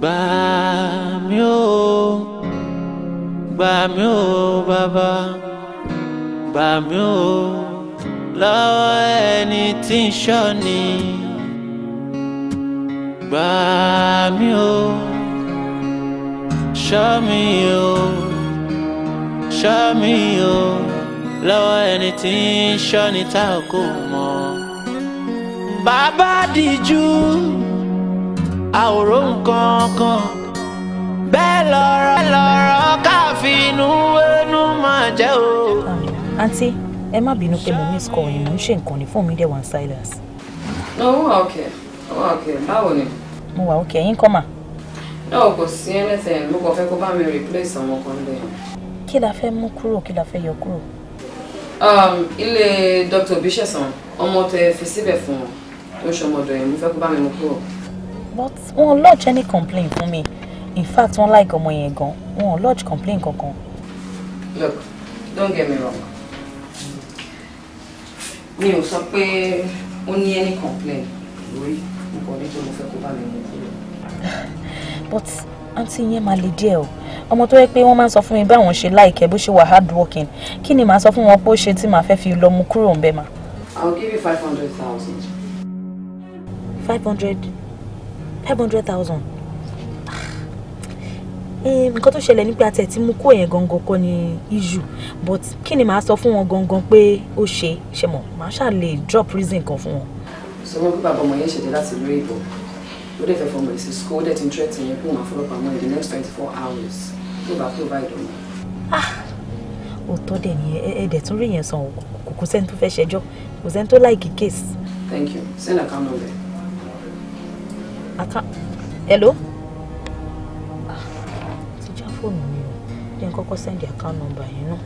gbà mí o gbà mí o baba, gbà mí o lọ́wọ́ ẹni tí ń ṣọ́ni gbà mí o ṣọ́ mi o ṣọ́ mi o lọ́wọ́ ẹni tí ń ṣọ́ni tá a kò mọ̀ bàbá díjú àwòrán nǹkan kan bẹ́ẹ̀ lọ̀rọ̀ lọ̀rọ̀ káfínú ẹnu máa jẹ́ o. àǹtí ẹ má bínú pé mo miss call yìí mo ń ṣe nǹkan ní fóònù mi dẹ̀ wà ní silence. owó ọkẹ owó ọkẹ báwo ni. mo wà òkè yín kọ́ mà. náà kò sí ẹlẹ́sẹ̀ ló kàn fẹ́ kó bá mi replace àwọn kan lẹ̀. kí la fẹ́ mú kúrò kí la fẹ́ yọ kúrò. Um, ilé Dr. Bíṣẹ̀sán ọmọ tẹ fi síbẹ̀ fún wọn tó ń ṣọmọdọ̀ yẹn mo fẹ́ kó bá mi mú kúrò but wọn lodge any complaint fún mi in fact wọn like ọmọ yẹn gan wọn lodge complaint kankan. look don't get me wrong mi ò sọ pé ó ní any complaint lórí nǹkan ní tó mo fẹ́ kó bá mi mú kúrò. but àǹtí yẹn máa le díẹ̀ o ọmọ tó yẹ pé wọ́n máa ń sọ fún mi báwọn ṣe láìkẹ́ bó ṣe wà hard working kí ni màá sọ fún wọn pé ó ṣe tí màá fẹ́ fi lọ mú kúrò ń bẹ́ẹ̀ ma. I will give you five hundred thousand. five hundred five hundred thousand ah. eh, nǹkan tó ṣẹlẹ̀ nípa àti ẹ̀tí mú kó yẹn gangan kọ́ ni issue but kí ni màá sọ fún wọn gangan pé ó ṣe ṣe mọ̀ màá ṣáà drop reason kan fún wọn. sọ wọn bí bàbá ọmọ yẹn ṣẹ̀dá láti lórí ìbò ó dẹ̀ fẹ́ fọmọ èsì school ó dẹ̀ ti ń tẹ́tì yẹn pé màá fọlọ́pàá in the next twenty four hours tó bá tó bá ìdánwò. Ah! òótọ́ dẹ̀ ni ẹ̀ẹ́dẹ̀ tún rí yẹn sàn kò kò sẹ́ni tó fẹ́ ṣẹjọ́ kò sẹ́ni tó láìkì case. thank you send account number ata hello ah ti já fóònù mi o jẹ́ n kọ́kọ́ account number you know.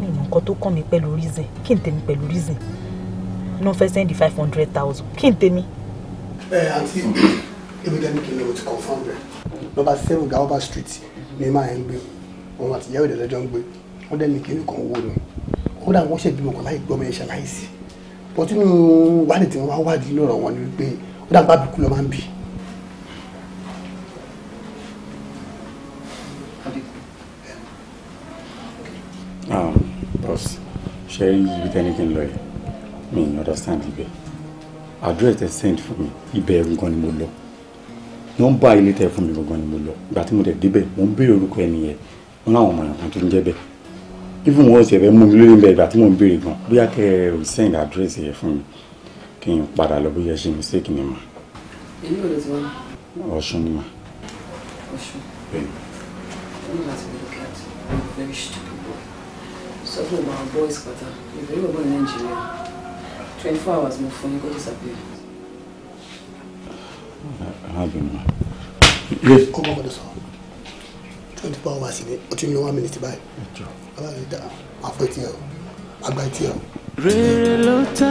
mi ò mọ nǹkan tó kàn mí pẹ̀lú reason kí n tèmi pẹ̀lú reason náà fẹ́ sẹ́ndì five hundred thousand kí n tèmi. ẹ àǹtí èmi dẹ́nu kí n lọ ti confam rẹ̀ nọ́mbà seven gaoba street ní máa ń gbé òun àti ìyàwó ìdẹ́lẹ́jọ́ ń gbé wọ́n dẹ́nu kí n kàn wó ni kódà wọ́n ṣèbímọ kọ́ láì gbọ́ mẹ́rin ṣàlàyé sí i bọ́tú nínú wádìí tí wọ́n wá wádìí lọ́rọ̀ wọn ni wípé dàgbà bìkú lọ máa ń bì. bros ṣe rí ibi tẹ́ni kí lọ yìí mi ì understand ibẹ̀ address tẹ send fún mi ibẹ̀ gangan ni mo lọ nọ́mbà ilé tẹ fún mi gangan ni mo lọ ìgbà tí mo tẹ̀ débẹ̀ mo ń béèrè orúkọ ẹni yẹn wọn láwọn ọmọ yàtọ̀ tó ń jẹ́ bẹ́ẹ̀ even wọn ṣẹ̀fẹ̀ mú mi lórí ìgbà tí mo ń béèrè gan bóyá kẹ́ ẹ send address yẹn fún mi kí n padà lọ bóyá ṣe mistake ni mà. èmi ò lè ti wá. ọ̀ṣun ni mà. ọ̀ṣun. bẹ́ẹ̀ni. ó ní láti look at very stupid boy sọ fún ọba boys pátá ìbẹ̀rù ọgbọ́n nàìjíríà twenty four hours mo fún yín kó disappear. arábìnrin mà. kó kọ́kọ́ tó sọ twenty four hours ni o ti ní one minute báyìí. aláàbí dáa àpótí ẹ àgbà tí rere ló ta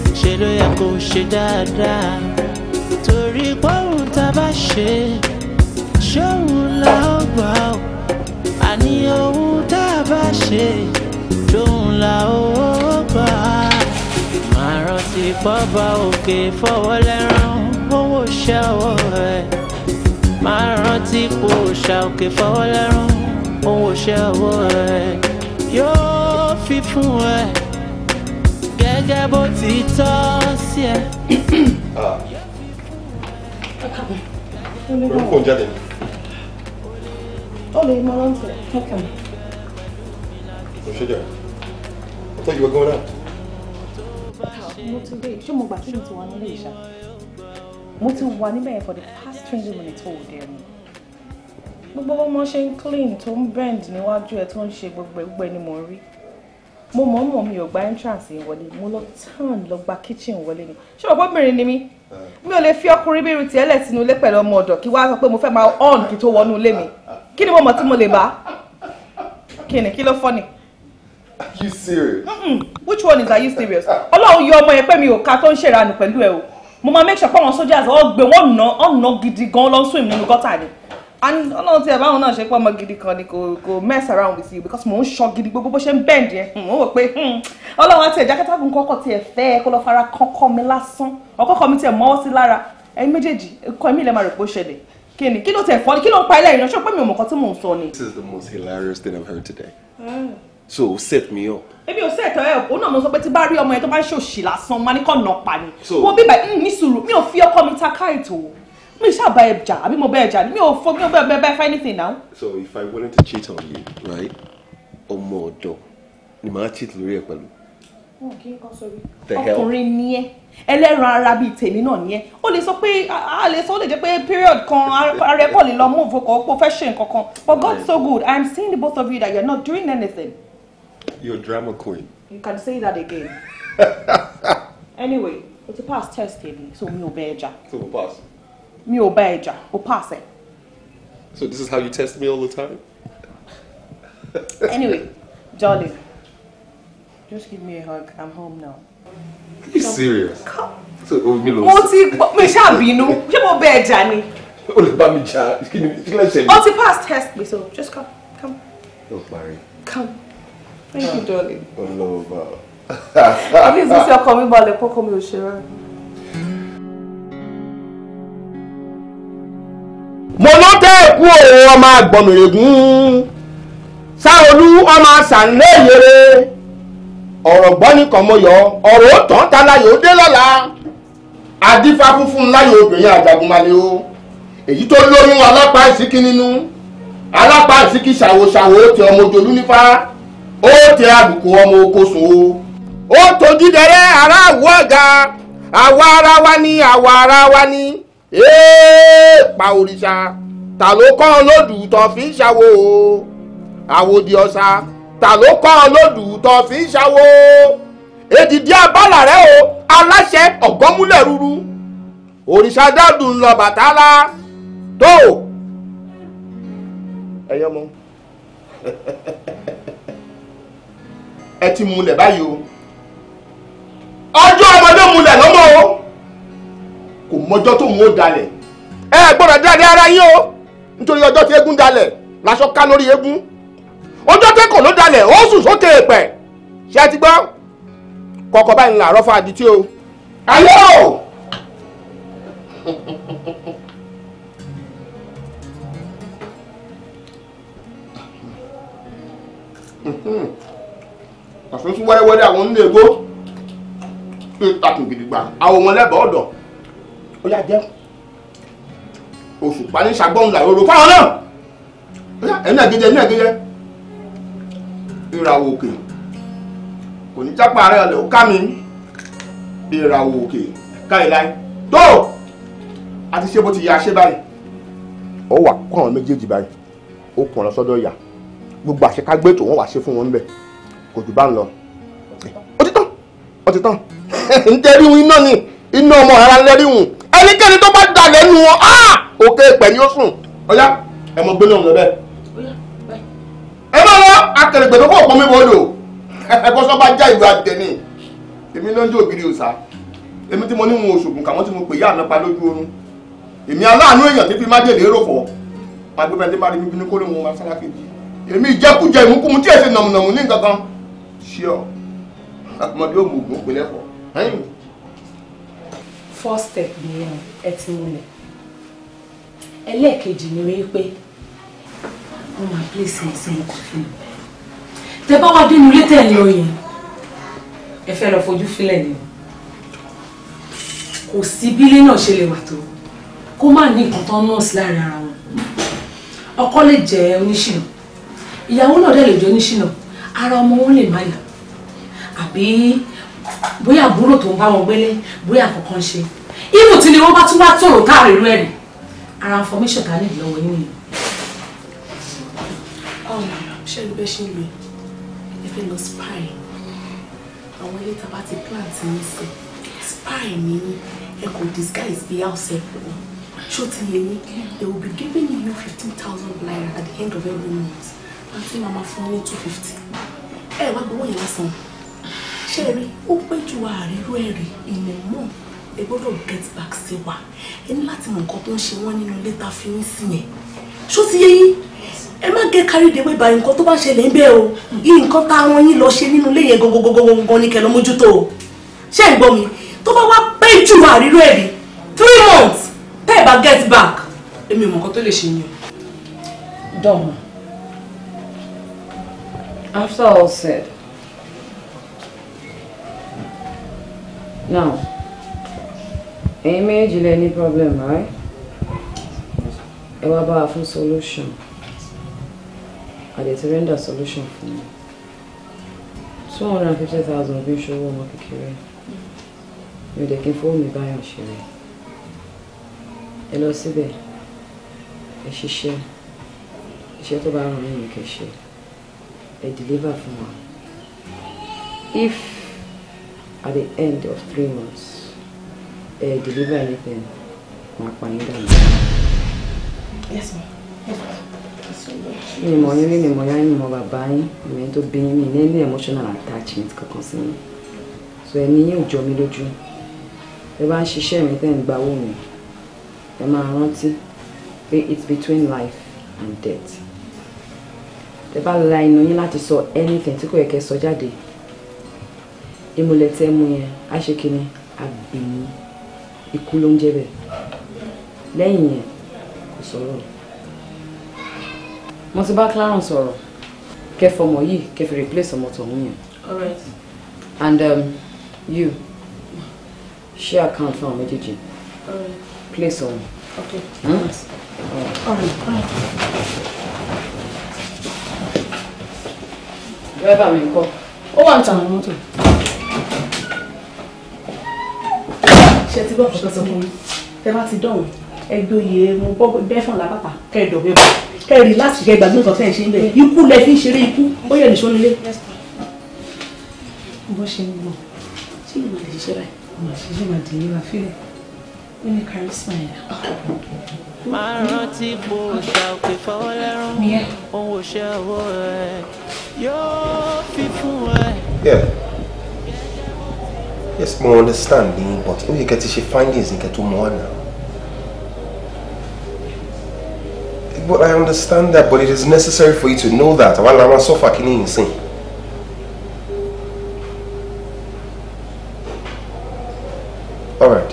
ṣe ló yẹ kó ṣe dáadáa torí pọ́hùn tá a bá ṣe ṣóhun la ó gbà ó àní ohun tá a bá ṣe lóhun la ó gbà á máa rántí pọ́ba òkè fọwọ́ lẹ́rán owó ṣẹ́wọ́ ẹ̀ máa rántí pò ṣàòkè fọwọ́ lẹ́rán owó ṣẹ́wọ́ ẹ̀ yóò fi fún ẹ̀ gẹ́gẹ́ bó ti tọ́ sí ẹ. Ah. orúkọ jáde ni. ó lè mọ rántí ọkàn mi. mo ṣe jẹ ọ tọ́jú gbogbo náà. mo ti gbé ṣé mo gbà tí mo ti wà nílé ìṣá mo ti wà níbẹ̀ yẹn for the past twenty minutes ó dẹ̀ mi gbogbo bó mo ṣe ń clean tó ń bend níwájú ẹ tó ń ṣe gbogbo ẹgbẹ́ ni mo rí mo mọ̀ mọ̀ mi ò gba entrance yẹn wọlé mo lọ tán lọ gba kitchen wọlé ni ṣé mo bóbìnrin ni mí eh. mi ò lè fi ọkùnrin bí irun tiẹ̀ lẹ̀ sínú ilé pẹ̀lú ọmọ ọ̀dọ̀ kí wàá sọ pé mo fẹ́ máa on kí tó wọnú ilé mi kí ni mo mọ̀ tí mo lè bá kí ni kí ló fọ́ ni. are you serious. which one is are you serious. ọlọ́run yọ ọmọ yẹn pé mi ò ka tó ń ṣèrànù pẹ̀lú ẹ o mo máa make sure pé àwọn soldiers ọ̀ gbé wọn ọ̀nà ọ̀nà gidi gan lọ́n swim nínú gọ́tà ni and ọlọ́run ti ẹ̀ báwọn náà ṣe pé ọmọ gidi kan ni kò mess around with you because mò ń ṣọ gidi gbogbo bó ṣe ń bend yẹn mò wò pé hmm, ọlọ́run àti ẹ̀já kẹtàgùn kọ́kọ́ tiẹ̀ fẹ́ kó lọ fara kọ́kọ́ mi lásán ọkọ́kọ́ mi tiẹ̀ mọ́wọ́ sí lára ẹ̀yin méjèèjì ikọ̀ ẹ̀mí ilẹ̀ máa rò pé ó ṣẹlẹ̀ kí ni kí ló tẹ̀ fọ́ kí ló ń pa ilẹ̀ ìrìnàṣọ́ pé mi ò mọ̀ kan tí mò ń sọ ni. This is the most hilarious thing I've heard today. Hmm. So set me up. Ebi o set ẹ o náà mo sọ pé tí bá rí ọmọ yẹn tó bá ń ṣòṣì lásán, mo máa ní kọ́ nà pa ni. So wo bíbẹ̀ hmm, ní sùúrù mi ò fi ọkọ mi ta káìtó mi ṣáà bá ẹ jà mo bá ẹ mi ò fọ mi ò bẹ bẹ fẹ anything now. so if i wanted to cheat on you right ọmọ ọ̀dọ̀ ni màá cheat lórí ẹ pẹ̀lú. ọkùnrin ni ẹ ẹlẹ́ran ara bíi tèmi náà ni ẹ ó lè sọ pé a lè sọ ó lè jẹ́ pé period kan ara ẹ kọ́ lè lọ mú òfokò ọ̀pọ̀ fẹ́ but god so good i am seeing the both of you that you are not doing anything. you drama queen. you can say that again. anyway o ti pass test so mi ò bẹ ẹ so pass. Me obey bá ẹja o pass it. so this is how you test me all the time. anyway jolly just give me a hug i'm home now. are you so, serious. Oh, so omi me shall be no. You ṣáà bínú ṣé mo bá ẹja ni. o lè bá mi jà kí o ti pass test me so just come come. o worry. come thank you darling. olùwà. àbí ìsinsìnyí ọkọ coming, balẹ̀ kókó mi come ṣe rárá. mo ló tẹ́ ẹ̀ òun ọmọ àgbọ̀mìrègún sáolú ọmọ sànlẹ̀ yẹrẹ ọ̀rọ̀ mo yọ ọ̀rọ̀ ó tán ta láyò ó dé lọ́la funfun láyò obìnrin àjàgùnmalẹ̀ o èyí tó lóyún alápá ìsíkí nínú alápá ìsíkí ṣàwòṣàwò ó tẹ ọmọ o ó tojú dẹrẹ wa ni àwa ara wa ni. ee pa òrìṣà ta ló kọ́ ọ lódù tó fi ń ṣàwo àwòdì ọ̀sà ta ló kọ́ ọ lódù fi ń ṣàwo èdìdí abala rẹ o aláṣẹ ọ̀gọ́múlẹ̀ rúru òrìṣà dádùn lọ la tó ẹyẹ mọ ẹ ti múlẹ̀ báyìí o ọjọ́ ọmọdé múlẹ̀ lọ́mọ o. kò mọjọ́ tóun ó dalẹ̀ ẹ gbọ́dọ̀ dáadé ara yín o nítorí ọjọ́ tí eégún dalẹ̀ láṣọ ká lórí eégún ọjọ́ kò ló dalẹ̀ ó sùn sókè èèpẹ̀ ṣé ẹ ti gbọ́ báyìí àdìtí o. ayé o. tún ó yà jẹ́ oṣù balẹ̀ ṣàgbọ́n làróró fáwọn náà ó yà ẹ̀yìn àgẹjẹ ẹ̀yìn àgẹjẹ ìràwọ̀ òkè kò ní jápa rẹ̀ ọ̀lẹ̀ ó ká mi ìràwọ̀ òkè ká ìláyé tó a ti ṣe bó ti yà ṣe báyìí ó wà kó àwọn méjèèjì báyìí ó kàn lọ sọ́dọ̀ ìyá gbogbo àṣekágbé tó wọ́n wá ṣe fún wọn ń bẹ̀ kò jù bá ń lọ ó ti tán ó ti tán ń tẹ́rí iná ni iná ọmọ ara lẹ́rí hùn ẹnikẹ́ni tó bá dà lẹ́nu wọn òkè ìpẹ́ ni ó sùn ọ̀yá ẹ mọ gbẹ́lẹ̀ ọ̀nà bẹ́ẹ̀. ẹ máa lọ akẹrẹgbẹ tó kọ̀ pọ́nmi bọ́ọ̀lù ẹ̀kọ́sọ́ bá já ìlú àjẹni èmi ló ń jẹ́ ògiri òsà èmi tí mo ní wọn òṣògùn kàwọn tí mo pè yá àná pa lójú oorun èmi aláàánú èèyàn tí fi má dé lérò fọ́ agbẹ́bẹ̀rẹ̀ tí máa rí mi bínú kó lè mú wọn sára first step nìyẹn ẹ ti múlẹ̀ ẹlẹ́ẹ̀kejì ni wípé wọ́n oh máa place ẹ̀ sẹ́yìn kò fi tẹ bá wá dénú létẹ̀ ẹ̀ lọ yẹn ẹ fẹ́ lọ fojú filẹ̀ ni kò sí bílé náà ṣe lè wà tó kó má ní nǹkan tó ń nọ́ọ̀sì láàrin ara wọn ọkọ lè jẹ́ oníṣìnà ìyàwó náà dẹ̀ lè jẹ́ oníṣìnà ara ọmọ wọn lè má yà àbí bóyá àbúrò tó ń bá wọn gbélé bóyá kankan ṣe ibù tí ni wọ́n bá tún wá tòrò káàrin irú ẹ̀rì ara information ká nídìí lọ́wọ́ yín nìyẹn. Um, ṣé ẹni bẹ́ẹ̀ ṣe ń lò ẹ fẹ́ lọ spy àwọn ilé tàbá ti plant ní sẹ́ spy ní ẹ kò disguise bí house ẹ̀ pọ̀ ṣó ti yẹ ní they will be giving you fifteen thousand naira at the end of every month àti Mama fún ní two fifty ẹ wá gbowó yẹn lásán ṣe rí ó pẹ́ ju àríró ẹ̀ rí ìmọ̀ mọ́ ẹ gbọ́dọ̀ get back sí wa ẹ ní láti mọ nǹkan tó ń ṣe wọ́n nínú lẹ́tà fi ń sí yẹn ṣó ti yé yín ẹ má gé káríde wé báyìí nǹkan tó bá ṣẹlẹ̀ ń bẹ́ o yí nǹkan tá àwọn yín lọ ṣe nínú ilé yẹn gangan ní kẹlọ́ mójútó o ṣé ń gbọ́ mi tó bá wá pẹ́ ju àríró ẹ̀ rí three months tẹ́ ẹ bá get back èmi ò mọ̀ nǹkan tó lè ṣe yẹn. dọ́mọ̀ after all said now image méjì lẹ ní problem right ẹ wá bá wa fún solution àdè ti render a solution for me. two hundred and fifty thousand fi ń ṣòwò ọmọ kékeré mi ò me kí n share mi báyọ̀ ṣeré ẹ lọ síbẹ̀ ẹ ṣiṣẹ́ iṣẹ́ tó bá ràn mí nìkan ṣe ẹ deliver for me. if at the end of three months uh, deliver anything ma pa yín yes ma'am. yes ma. mi mọ̀ yín rí mi mọ̀ yá yín mọ̀ bàbá yín ìmọ̀ yín tó bí mi ní any emotional attachment kankan sí so ẹni yín ò jọ mi lójú ẹ bá ń ṣiṣẹ́ mi tẹ́ ń gba owó mi ẹ máa rántí pé it's between life and death ẹ bá la inú yín láti sọ anything tí kò yẹ kẹ́ sọ jáde ìmùlẹ̀ tẹ́ mu yẹn á ṣe kíni àgbèyìn ikú ló ń jẹ́ bẹ́ẹ̀ lẹ́yìn yẹn kò sọ̀rọ̀ mo ti bá Clarence sọ̀rọ̀ kẹfọmọ yìí kẹfì replace ọmọ tọ̀hún yẹn and um, you Share account fún àwọn méjèèjì all right place ọ̀hún. okay hmm? Alright. Alright. all right. All right. Driver mi ńkọ́. Ó wà ń ta àwọn mọ́tò. ṣe ti gbọ́ ọ̀pọ̀ tó sọ fún mi tẹ bá ti dọ̀hún ẹgbẹ́ oyè mo bọ́ bẹ́fọ̀n lápapà kẹ́ẹ̀dọ̀ bẹ́ẹ̀ bọ̀ kẹ́ẹ̀rì láti kẹ́ gbàgbé nǹkan tẹ̀ ṣe ń bẹ̀ ikú lẹ fi ń ṣeré ikú ó yẹ nìṣó nílé. bó ṣe ń gbọ́ ṣé ìmọ̀ lè ṣiṣẹ́ báyìí. ìmọ̀ ṣe ló máa délé wa fílẹ̀ ó ní kárísímà yà. máa rántí pò ṣàkè fọwọ́ lẹ́rùn ohun òṣèwọ́ ẹ̀ yóò fi fún ẹ yes mo understand but you get kẹ́ ti ṣe findings nǹkan tó mọ́ ọ̀nà. But I understand that, but it is necessary for you to know that. Àwa la so fucking insane. yìí sìn. Alright,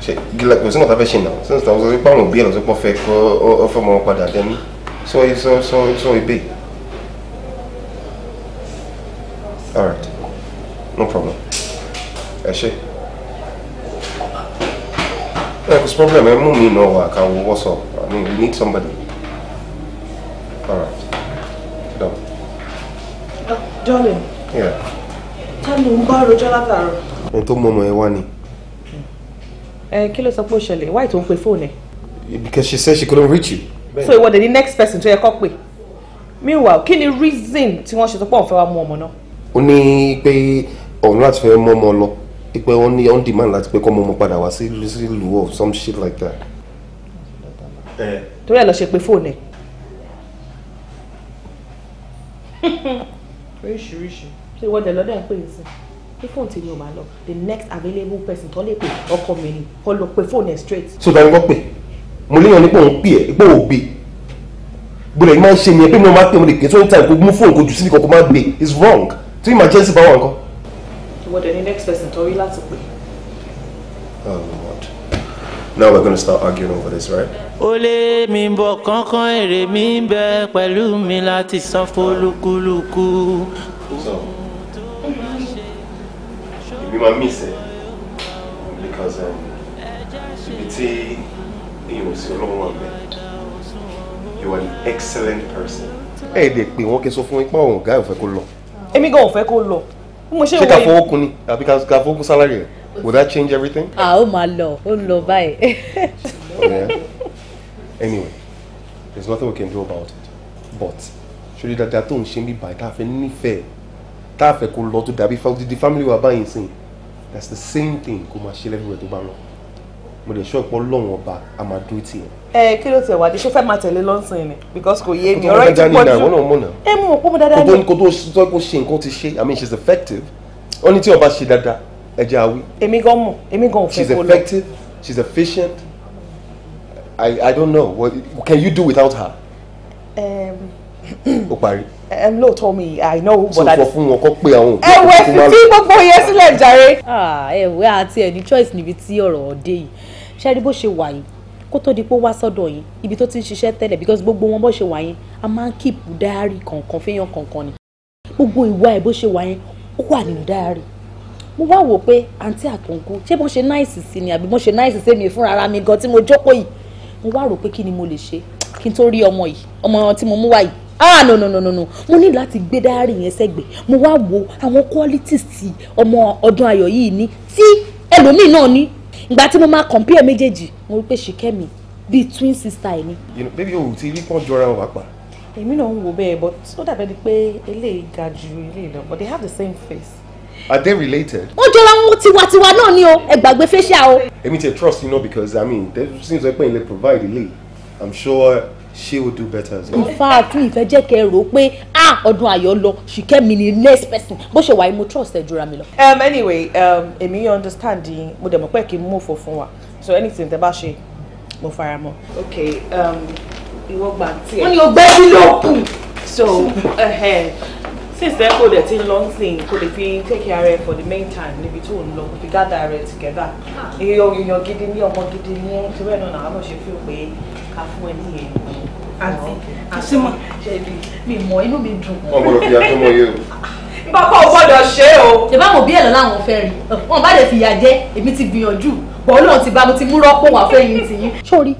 ṣe gílẹ̀ kò sí nǹkan tá a fẹ́ ṣe a Since of ọ̀sán pé àwọn òbí ẹ̀ lọ́sọ́pọ̀ fẹ́ kọ́ ọ fẹ́ mọ́ padà dẹ́nu. Sọ ìbéè. ẹ ẹ kò sí problem ẹ mú mi náà wà kàn wọ wọ́sọ̀ I mean we need somebody all right done. Uh, darling. Yeah. tẹ́lẹ̀ ń bá rojọ́ látàárọ̀. ohun tó mọ ọmọ ẹ wá ni. ẹ eh, kí ló sọ pé ó ṣẹlẹ̀ wáyé tó ń pe fóònù ẹ. because she said she couldn't reach you. so ìwọ dẹ̀ ni next person tó yẹ kó pè meanwhile kí ni reason tí wọ́n ṣe tó pọ̀ ń fẹ́ wá mú ọmọ náà. ó ní pé òun láti fẹ́ mú ọmọ lọ ipe wọn ní on demand láti pé kọ́ mọ́ mọ́ padà wá sí ìlú of some shit like that. Eh. torí ẹ lọ ṣe pé fóònù ẹ. oríṣiríṣi. ṣé ìwọ dẹ̀ lọ́dọ̀ ẹ̀ pé yìí sí pé fóònù tí mi ò máa lọ the next available person tó lè pè ọkọ mi ni kó lọ pé fóònù ẹ straight. so ta ni wọ́n pè mo léèyàn nípa òun pè ẹ́ pé òun gbé gbọdọ̀ yìí máa ń ṣe yẹn pé mi ò máa pè mo lè ké tó time kó mú fóònù kó jù sí nìkan kó má gbé it's wrong tí emergency bá wà nǹkan. What the next person to relate to me? Oh Lord. Now we're going to start arguing over this, right? Ole mi bo kankan èrè mi bẹ pẹ̀lú mi láti san folukuluku. So, you might miss it eh? because um, ibi you are an excellent person. Ẹ̀ẹ́dẹ̀ pé wọ́n kí n sọ fún yín pé ọ̀hún ọ̀gá ò fẹ́ kó lọ. Èmi gan ò fẹ́ kó lọ mo ṣe wo ṣé kun ni àbí ká fọwọ́ kun salary rẹ would that change everything. a ó máa lọ ó ń lọ báyìí. anyway there is nothing we can do about it but ṣòlì dada tó ń ṣe mí báyìí tá a fẹ́ nífẹ̀ẹ́ tá a fẹ́ kó lọ tó dàbí family wa báyìí sìn that's the same thing kó máa ṣe lẹ́nu rẹ̀ tó bá lọ mo lè ṣọ́ ọ̀pọ̀ lọ́wọ́n ọba a máa dúró tì yẹn. ẹ kí ló tẹ wá di ṣó fẹ́ máa tẹ̀lé lọ́sìn ni because kò yé mi ọ̀rọ̀ ìtúpọ̀ jù ẹ mú òpó mo dáadáa ni. kò tó sọ pé ṣe nǹkan ti ṣe i mean she is effective ó ní tí ọba ṣe dáadáa ẹ jẹ́ àwí. èmi gan mọ̀ èmi gan ò fẹ́ kó lọ. she is effective she is efficient i i don't know what can you do without her. ó parí. Um, lóòótọ́ mi i know but so i. sọ fún wọn kó pé àwọn òbí. ẹwẹ fífi gbogbo yẹn sílẹ̀ jàre. Ah, ẹ̀wẹ̀ àti ẹni choice níbi tí ọ̀rọ̀ ọ̀dẹ́ yìí ṣẹ́rí bó ṣe wà yìí kó tó di pé ó wá sọ́dọ̀ yín ibi tó ti ń ṣiṣẹ́ tẹ́lẹ̀ because gbogbo wọn bó ṣe wà yẹn a máa ń keep diary kọ̀ọ̀kan fẹ́yàn kọ̀ọ̀kan ni gbogbo ìwà ẹ̀ bó ṣe wà yẹn ó wà nínú diary mo wá wò pé àǹtí àtọ̀ǹkù ṣé bọ́n ṣe náìsì sí ni àbí bọ́n ṣe náìsì sí mi fúnra ara mi gan tí mo jókòó yìí mo wá rò pé kí ni mo lè ṣe kí n tó rí ọmọ yìí ọmọ tí mo mú wá yìí ah no no no no no mo ní láti gbé diary yẹn sẹ́gbẹ̀ mo wá wo àwọn qualities tí ọmọ ọdún ayọ̀ yìí ní tí ẹlòmíì náà ní ìgbà tí mo máa compare méjèèjì mo rí pé ṣìkẹ́mi bíi twin sister ẹ̀ ni. you know baby o ò ti rí pọ́n jọra wọn àpà. èmi náà ń wo bẹ́ẹ̀ but ó dàbẹ́ ni pé eléyìí ga ju eléyìí lọ but they have the same face. are they related. wọ́n jọra wọn tiwantiwa náà ni o ẹ gbàgbé facial o. èmi ti trust you know because i mean since seems like pé ilẹ̀ provide ilé i'm sure she will do better as well. in fact ìfẹ́ jẹ́ kẹ́ ẹ rò pé ah ọdún ayọ̀ lọ ṣìkẹ́mi ni next person bó ṣe wà yìí mo trust ẹ jura mi lọ. Um, anyway um, èmi um, yóò understand yín mo dẹ̀ mọ̀ pé kí n mú òfò fún wa so anything tẹ bá ṣe mo fara mọ́. ok um, ìwọ gba tiẹ̀. wọ́n ní ọgbẹ́ bí ló kù. so since then kò dẹ̀ ti ń lọ sí kò lè fi take care of for the main time níbi tó ń lọ kò fi gather rẹ together. èèyàn ah. gidi ní ọmọ gidi ní ẹ́ torí ẹ̀ náà làwọn náà ṣe fi pé ká fún ẹ níyẹn àti àṣemọ ah, ah, jẹ̀bi mi mọ inú mi dùn. wọn gbọ́dọ̀ fi aṣọ mọ iye o. bàbá ò gbọ́dọ̀ ṣe o. ṣèbá mo bí ẹ̀lọ́ láwọn fẹ́ rí wọn bá lè fi ìyà jẹ èmi ti gbìyànjú bọ́ọ̀ lóun ti bá mo ti mú rọ́pò wà fẹ́yìn tì yín. sórí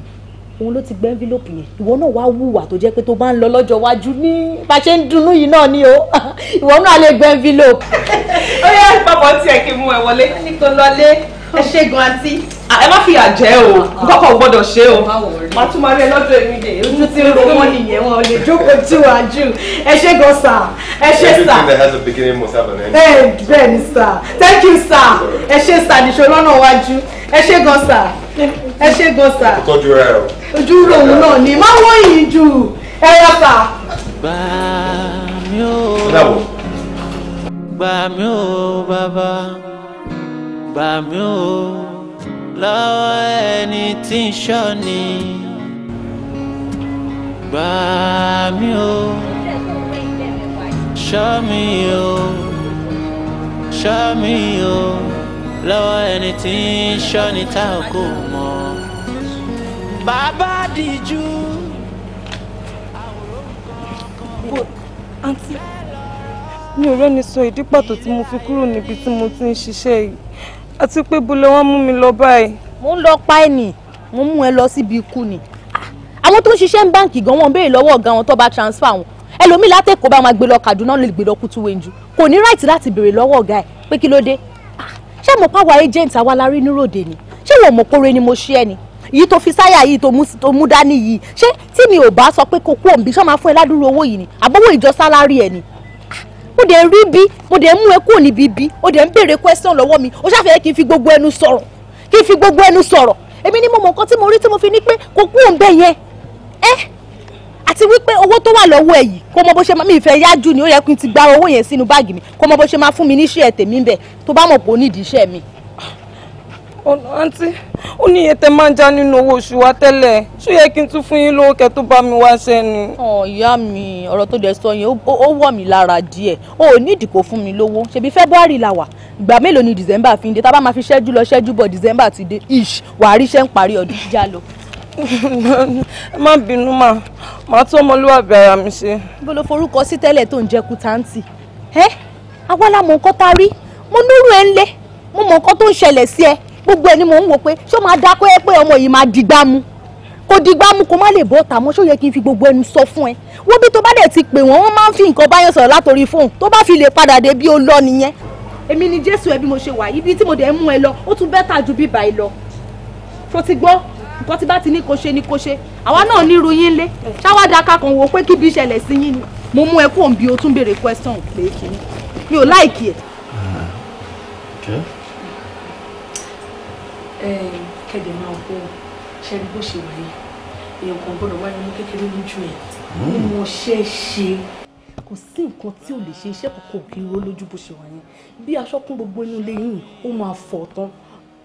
òun ló ti gbẹ́ envelope yẹn ìwọ náà wá wùwà tó jẹ́ pé tó bá ń lọ lọ́jọ́ iwájú ní bá ṣe ń dunnú yìí náà ni o ìwọ náà lè gbẹ́ envelope. ó yẹ bàbá tiẹ̀ kí mú ẹ wọlé ní lọlé ẹ ṣe gan àti ẹ má fi àjẹ́ o ah, ah. kọ́kọ́ gbọ́dọ̀ ṣe o má tún máa rí ẹ lọ́dọ̀ èmi dè ojú tí ń ro wọn nìyẹn wọn ò lè jókòó tí wà á jù ẹ ṣe gan sà ẹ ṣe sà bẹ́ẹ̀ ni sà thank you sà ẹ ṣe sà nìṣó lọ́nà wájú ẹ ṣe gan sà ẹ ṣe gan sà tọ́jú rẹ o ojú ròhun náà ni má wọ́n yìí jù ẹ yá sà. gbàmí ó bàbá gbà mí o lọ́wọ́ ẹni tí ń ṣọ́ni gbà mí o ṣọ́ mi o ṣọ́ mi o lọ́wọ́ ẹni tí ń ṣọ́ni tá a kò mọ̀ bàbá dìjú. àǹtí mi ò rẹ́ni sọ ìdí pàtó tí mo fi kúrò níbi tí mo ti ń ṣiṣẹ́ yìí àti pé bo lẹ wọ́n mú mi lọ báyìí. mo ń lọ pa ẹ nì mo mú ẹ lọ síbi ikú ni ah, àwọn tó ń ṣiṣẹ́ ní báǹkì gan wọn béèrè lọ́wọ́ ọ̀gá wọn tó bá transfer wọn ẹlòmíì látẹ̀kọ́ bá máa gbé lọ Kaduna lè gbé lọ Kútúwéńjú kò ní right láti béèrè lọ́wọ́ ọ̀gá ẹ̀ pé kí ló dé ah, ṣé mo pàwọ́ agent àwa la rí ni ṣé wọn mọ̀ kóore ni mo ṣí ẹ ni yìí tó fi sáyà yìí tó mú dání yìí ṣé tí mi ò bá sọ pé kò òǹbí ṣọ́ máa fún ẹ ládùúrú owó yìí ni àbọ̀wọ̀ ìjọ sálárì ẹ ni mo dẹ̀ ń rí bí mo dẹ̀ ń mú ẹ kúrò níbi bí o dẹ̀ ń béèrè question lọ́wọ́ mi o ṣàfihàn kí n fi gbogbo ẹnu sọ̀rọ̀ kí n fi gbogbo ẹnu sọ̀rọ̀ èmi ni mo mọ̀ nǹkan tí mo rí tí mo fi ní pé kò kú òǹbẹ yẹn ẹ àti wípé owó tó wà lọ́wọ́ ẹ̀ yìí kó mọ bó ṣe máa mi ìfẹ́ yájú ni ó yẹ kí n ti gba owó yẹn sínú báàgì mi kó mọ bó ṣe máa fún mi níṣẹ́ ẹ̀ tèmi ń tó bá mọ̀ pé ó nídìí iṣẹ́ mi àǹtí ó ní iye tẹ máa ń já nínú owó oṣù wa tẹ́lẹ̀ ṣó yẹ kí n tún fún yín lówó kẹ tó bá mi wá ṣẹ́ ni. ìyá mi ọ̀rọ̀ tó dẹ̀ sọ yẹn ó wọ̀ mí lára díẹ̀ o ò ní ìdìkò fún mi lówó ṣebí february la wà ìgbà mélòó ni december fi ń dé tá a bá máa fi ṣẹ́jú lọ ṣẹ́jú bọ̀ december ti dé ish wàá ríṣẹ́ ń parí ọdún já lọ má bínú mà má tó ọmọlúwàbí ara mi ṣe. ibo ló forúkọ sí tẹ́lẹ̀ tó ń jẹ́ kùtàǹtì. ẹ awálà mọ nǹkan tá a rí mo nírú ẹ ń lé mo mọ nǹkan tó ń ṣẹlẹ̀ sí ẹ gbogbo ẹ ni mò ń wò pé ṣó máa dá pé pé ọmọ yìí máa digbá mu kò digbá mu kò má lè bọ́ ọ̀tà mọ́ ṣó yẹ kí n fi gbogbo ẹnu sọ fún ẹ wọ́n bí tó bá dẹ̀ ti pè wọ́n wọ́n máa ń fi nǹkan báyọ̀ sọ̀rọ̀ látòrí fóun tó bá fi lè padà dé bí ó lọ nìyẹn. èmi ni jésù ẹ mo ṣe wà ibi tí mo dẹ̀ ń mú ẹ lọ ó tún bẹ́tà ju bíbà ẹ lọ tó nǹkan tí bá ti ní kó ṣe ni kó ṣe àwa náà ní irú lé ṣáwádà kakàn wò pé kíbi ìṣẹ̀lẹ̀ sí yín ni mo mú ẹ kó òǹbí o tún béèrè question pé kí ni mi ò láìkì ẹ̀. Ah, kẹ̀dẹ̀ máa wọ ṣe ni bó ṣe wáyé èèyàn kan gbọ́dọ̀ wáyé mú kékeré lójú ẹ̀ ni hmm. mo ṣe é ṣe. kò sí nǹkan tí ò lè ṣe iṣẹ́ kọ̀ọ̀kan kì í ró lójú bó ṣe wáyé bí aṣọ kún gbogbo inú ilé yìí ó máa fọ̀ tán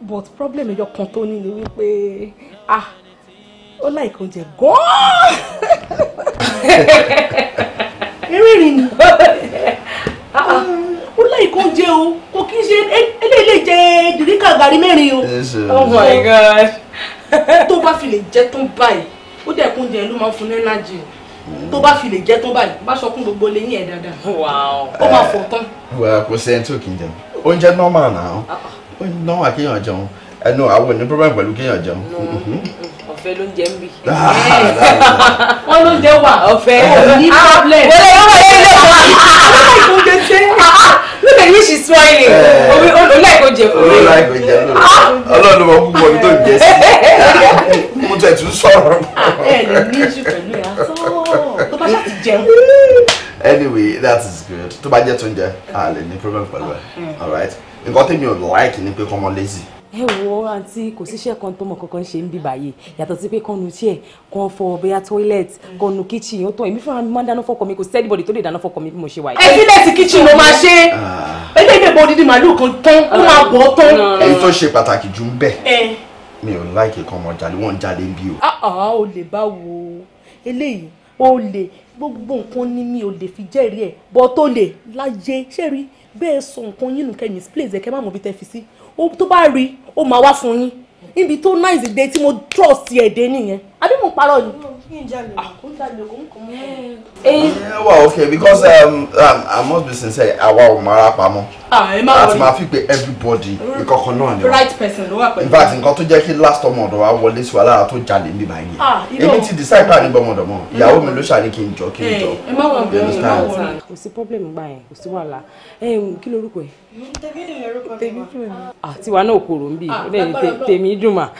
but problem ẹ̀yọ kan tó ní ni wípé ah ó láìka oúnjẹ gan-an. eré rìn ni. Ah, ah eléyìí kò o kò kí ṣe e, eléyìí jẹ dìríkà gàrí mẹ́rin o. oh my god. tó bá fi lè jẹ tán báyìí ó dẹ̀ kún jẹ ló máa ń fún ní ẹnájì tó bá fi lè jẹ tán báyìí bá sọ fún gbogbo lẹ́yìn ẹ̀ dáadáa. ó máa fọ̀ tán. kò sẹ́ni tó kì í jẹun oúnjẹ normal náà oúnjẹ ah, ah. normal kéèyàn jẹun ẹnu àwọn ò ní problem pẹ̀lú kéèyàn jẹun. ọ̀fẹ́ ló ń jẹ ń bì. Ah, wọ́n ló ń jẹ wà ọ̀fẹ́. wọlé yóò wọlé ilé wa. ọ̀fẹ́ ìkúnjẹ ṣe look at me she's smiling omi eh. oláìkó oh, oh, oh, jẹ fún mi. oláìkó jẹ fún mi ah. ọlọ́run ló mọ púpọ̀ ní tó ń jẹ sí mo tẹ̀ tún sọ̀rọ̀. Ah, ẹ lè ní iṣu pẹ̀lú ẹ̀ asọ́ ah, anyway that is good tó bá jẹ́ tó ń jẹ a lè ní problem pẹ̀lú ẹ̀ eh. all nǹkan tèmi ò like ni pé kọ́mọ lazy ẹ wo àǹtí kò síṣẹ́ kan tó mọ̀ kankan ṣe ń bí báyìí yàtọ̀ sí pé kọ́nu tiẹ̀ kan fọ bóyá toilet kọ́nu kitchen ó tán èmi fúnra mi máa ń dáná fọ́kọ mi kò sí anybody tó lè dáná fọ́kọ mi bí mo ṣe wà yìí. ẹ sílẹ̀ sí kitchen ló máa ṣe ah. ẹgbẹ́ ìgbẹ́ odidi màálùú kan tán ó máa bọ̀ tán. èyí tó ṣe pàtàkì jù ń bẹ̀ mi ò láìkè kan mọ̀ jalè wọ́n ń jalè bí o. Ah, ah, ó lè bá wo eléyìí ó lè gbogbo nǹkan ní mi ò lè fi jẹ́rìí ẹ̀ bọ́ tó lè láyé ṣé rí bẹ́ẹ̀ sọ nǹkan yín nù kẹ́ misplace ẹ̀ kẹ́ má mọ̀ bí tẹ́ fi sí tó bá rí ó máa wá fún yín níbi tó náà ìsìndé tí mo trust ẹ̀ dé nìyẹn àbí mo parọ́ ni. ẹ eh. eh, okay because um, um, I must be sincere àwa ò mara pamọ́ àti ah, máa fi pé everybody nǹkan kan náà ni wa in fact nǹkan tó jẹ́ kí last ọmọ ọ̀dọ̀ wa wọlé sí wa lára tó jalè ní báyìí yẹn ah, èmi ti decide pa nígbà ọmọdọ̀ mọ́ ìyàwó mi ló ṣàní kí n jọ kí n eh, jọ you understand. kò sí problem gbà yẹn kò sí wàhálà kí lorúkọ ẹ. tèmi lorúkọ mi wa. Ah, àtiwa náà kòrò ń bì tèmi dùn mà.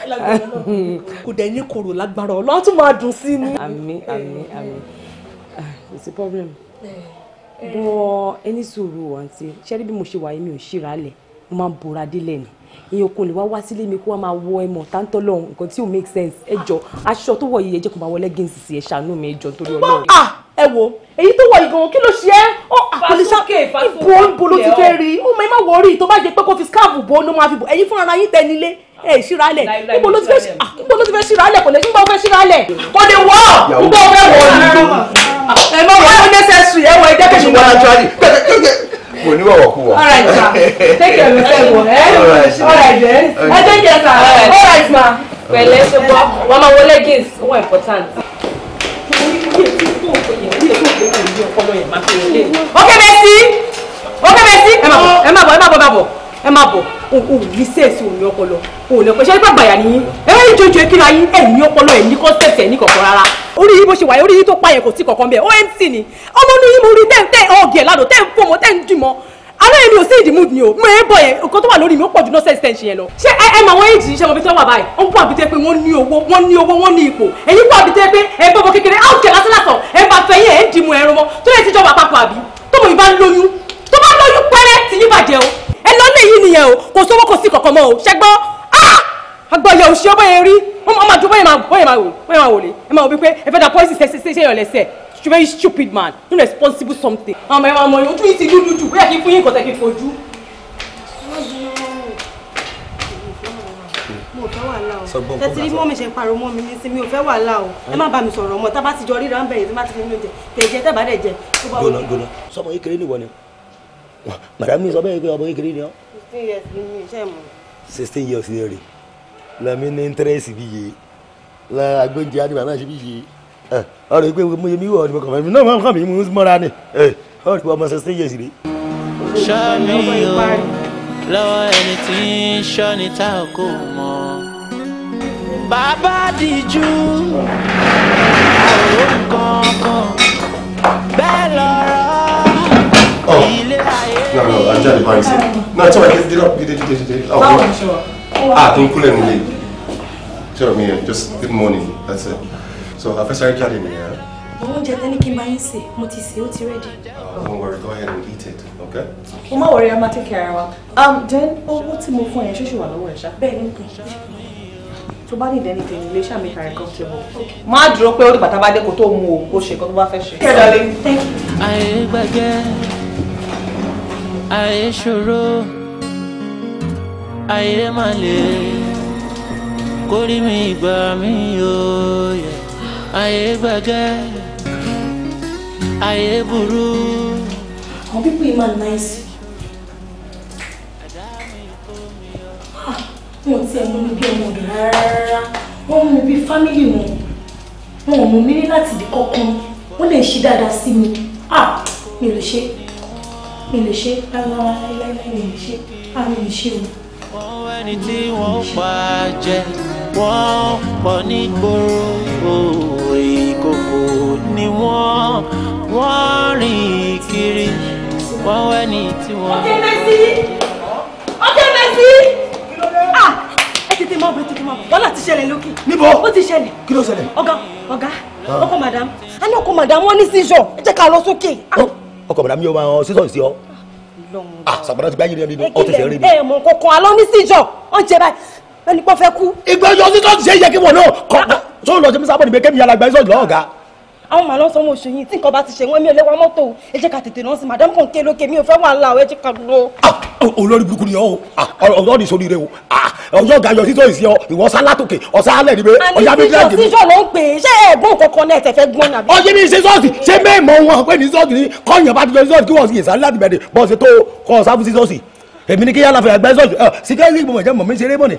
kò dẹ̀ ní kòrò lágbára náà lọ́tún máa dùn sí ni. àmín àmín àmín kò ah, sí problem eh, eh. bọ ẹni sùúrù àǹtí ṣẹ́rí bí mo ṣe wà yìí mi ò ṣíra lẹ̀ mo máa ń bora délẹ̀ ni èèyàn kò lè wá wá sílé mi kó wá máa wọ ẹmọ táńtọ́ lọ́hùn nǹkan tí ò make sense ẹ jọ aṣọ tó wọ̀ yìí ẹ jẹ́ kó máa wọ leggings sí ẹ ṣàánú mi ẹ jọ torí ọlọ́run. Ah, ẹ wo èyí tó wọ̀ yìí gan-an kí ló ṣe é ó àkọlẹ́sà ìbò ìbò ló ti fẹ́ rí ó máa ń wọrí tó bá jẹ́ pé kó fi scarf bò ó ló máa fi bò ẹ̀yin fúnra ara yín tẹ́ nílé ẹ ìṣíralẹ̀ níbo ló ti fẹ́ ah, níbo ló ti fẹ́ ṣíralẹ̀ kò lè níbo fẹ́ ṣíralẹ̀ kò lè wọ́ níbo fẹ́ wọ́ nínú ẹ má wọ́n ó necessary ẹ wọ ẹjẹ́ kẹ́sì wọ́n naturally kò ní wọ̀wọ̀ kú wọ. ọ̀rẹ́ ìjà tẹ́kẹ̀ ló fẹ́ wọ ẹ́ ọ̀rẹ́ ìjẹ́ ẹ tẹ́kẹ̀ sà ọ̀rẹ́ ìjìmá. pẹ̀lẹ́ ṣùgbọ́n wọn máa wọlé gains wọn important. ok bẹ́ẹ̀ sí ok bẹ́ẹ̀ sí ẹ má bọ̀ ẹ má bọ̀ ẹ má bọ̀ ẹ má bọ̀ òògì sẹ́ẹ̀sì òní ọpọlọ òní ọpọlọ ṣẹ́ni pàgbàyà nìyí ẹ jọjọ ẹ kíra yín ẹ̀yìn ọpọlọ ẹ̀ ní kọ́ńtẹ̀sì ẹ̀ ní kọ̀ọ̀kan rárá. orí yìí bó ṣe wáyé orí yìí tó payẹ̀ kò sí kọ̀ọ̀kan bẹ́ẹ̀ OMC ni ọmọ inú yìí mo rí tẹ́ tẹ́ ọ̀gẹ̀ ládùn tẹ́ ń fòmọ́ tẹ́ ń dìmọ́ alẹ́ èmi ò sí ìdìmú ni o mo èébọ̀ yẹn nǹkan tó wà lórí mi ó pọ̀ ju nọ́ọ̀sẹ̀ extension yẹn lọ. ṣé ẹ ẹ màwọn èjì iṣẹ́ wọn fi tẹ́ wà báyìí wọ́n bọ̀ àbí tẹ́ pé wọ́n ní owó wọ́n ní owó wọ́n ní ipò èyí bọ̀ àbí tẹ́ pé ẹ bọ̀ bọ̀ kékeré á ò jẹ́ lásánlàsàn ẹ bá fẹ́ yẹn ẹ dìmú ẹrun mọ́ tó lè ti jọba papọ̀ àbí tó mọ̀ ìbá lóyún tó bá lóyún pẹ́rẹ́ tì yín bàjẹ́ o lọ léyìí nìyẹn o kò sówó kò sí kankan mọ́ o ṣe gbọ́ agbọ̀yẹ̀ ah! òṣì ọbẹ̀ rí ọmọ àti bọ́yẹ̀ máa wò bọ́yẹ̀ máa wò lé ẹ máa wò wípé ẹ fẹ́ da pọ́ìsì ṣe ṣe yàn lẹ́sẹ̀ you very stupid man no responsible something ọmọ ẹ máa mọ ojú yìí ti dúdú jù bóyá kí fún yín kọ̀tẹ́ kí fojú. tẹ́tí rí mọ́mí ṣe ń pariwo mọ́mí ní sí mi ò fẹ́ wàhálà o ẹ má bá mi sọ̀rọ̀ ọmọ tá bá ti jọ ríra ń bẹ̀rẹ̀ tí má ti fi mí oúnjẹ tẹ̀jẹ̀ tẹ̀bá dẹ̀ jẹ. gbọ́nà gbọ́nà sọmọ yìí kéré nìwọ ni madame mi sọ bẹ́ẹ̀ pé ọmọ kékeré ni ọ. sixteen years ni mi mọ. sixteen years ni rè lami ní interest bí yé la agbóúnjẹ àdìbò náà ṣe bí yé ọ̀rọ̀ ìgbé mi wọ ọdún mo ń mọra sixteen years rè. sọ́ni o lọ́wọ́ ẹni tí ń sọ́ni tá a kò mọ̀ bàbá díjú àwọn nǹkan. jáde báyìí sí náà tí wọ́n dé dé dé dé dé dé àwọn àti ń kúlẹ̀ nílé sure ah, me eh, just good morning that's it so afẹ́sáré jáde nìyẹn. àwọn oúnjẹ tẹ́lẹ̀ kí n bá yín sè mo ti sè ó ti ready. Ah, don't worry go ahead and eat it okay. mo má wọrí a máa take care wa. Um, then owó tí mo fún ẹ ṣé ṣe wà lọ́wọ́ ẹ̀ ṣá. bẹ́ẹ̀ ni tó bá need anything ilé iṣẹ́ mi kàrí comfortable. má dúró pé ó dìgbà tá a bá dé kó tó mu o kó ṣe kó tó bá fẹ́ ṣe. kí ẹ dọ̀lé ayé ṣòro ayé má lè kórìí mi ìgbà mi yòóyè ayé gbàgẹ́ ayé burú. àwọn pípé yìí máa ń náìsì. wọn ò tiẹ̀ mú mi bí ọmọ ọ̀dọ̀ rárá wọ́n mú mi bí fámìlì wọn wọn ò mú mi ní láti di kọ́kọ́ wọ́n lè ṣe dáadáa sí mi ah, mi ò lè ṣe é mi lè ṣe ara ẹlẹ́rìí mi lè ṣe àmì lè ṣe o. wọ́n ẹni tí wọ́n pa jẹ wọ́n pọ̀ nígboro ah, ọ̀gá ọ̀gá ah. ọkọ madam a ní ọkọ madam wọn ní seizure ẹ jẹ́ ká lọ sókè. Ah. Oh ọkọ bàdà mi yóò máa sísọ sí ọ ah, sàgbàdàn ti gbáyé rẹ ọ ti sẹ rẹ mi. ẹ mọ kọkàn alọ ní síjọ ọ ń jẹ báyìí ẹni pọ fẹ kú. ìgbẹ́jọ́ sísọ ti ṣe é yẹ kí wọn náà kọ́ tó ah, ah. lọ sí mi sábọ̀ nígbẹ́ kẹ́mi alágbá sísọ lọ́ọ̀gá àwọn màá lọ sanwó oṣù yìí tí nǹkan bá ti ṣe wọn mi ò lẹ́wà mọ́tò ẹ jẹ́ ká tètè náà sí madam kan ké lókè mi ò fẹ́ wà ńlá ẹ jẹ́ ká lọ. Ah, olórí burúkú ni ọ o ah, ọjọ́ ní sórí rẹ o ah, ọjọ́ ga yọ títọ́ ìsìn ọ ìwọ sá látòkè ọ̀sá alẹ́ níbẹ̀ ọjà bí gíláàgì mi. àní sísọ ló ń pè é ṣé ẹ̀gbọ́n kankan náà ẹ̀tẹ̀ fẹ́ gbọ́n nàbí. ọjọ́ mi ṣe sọ́ọ̀sì ṣé mẹ́ẹ̀mọ́ wọn pé ní sọ́ọ̀sì ni kọ́ọ̀yàn bá ti lọ sí sọ́ọ̀sì kí yálà fẹ́ àgbẹ̀ sọ́ọ̀sì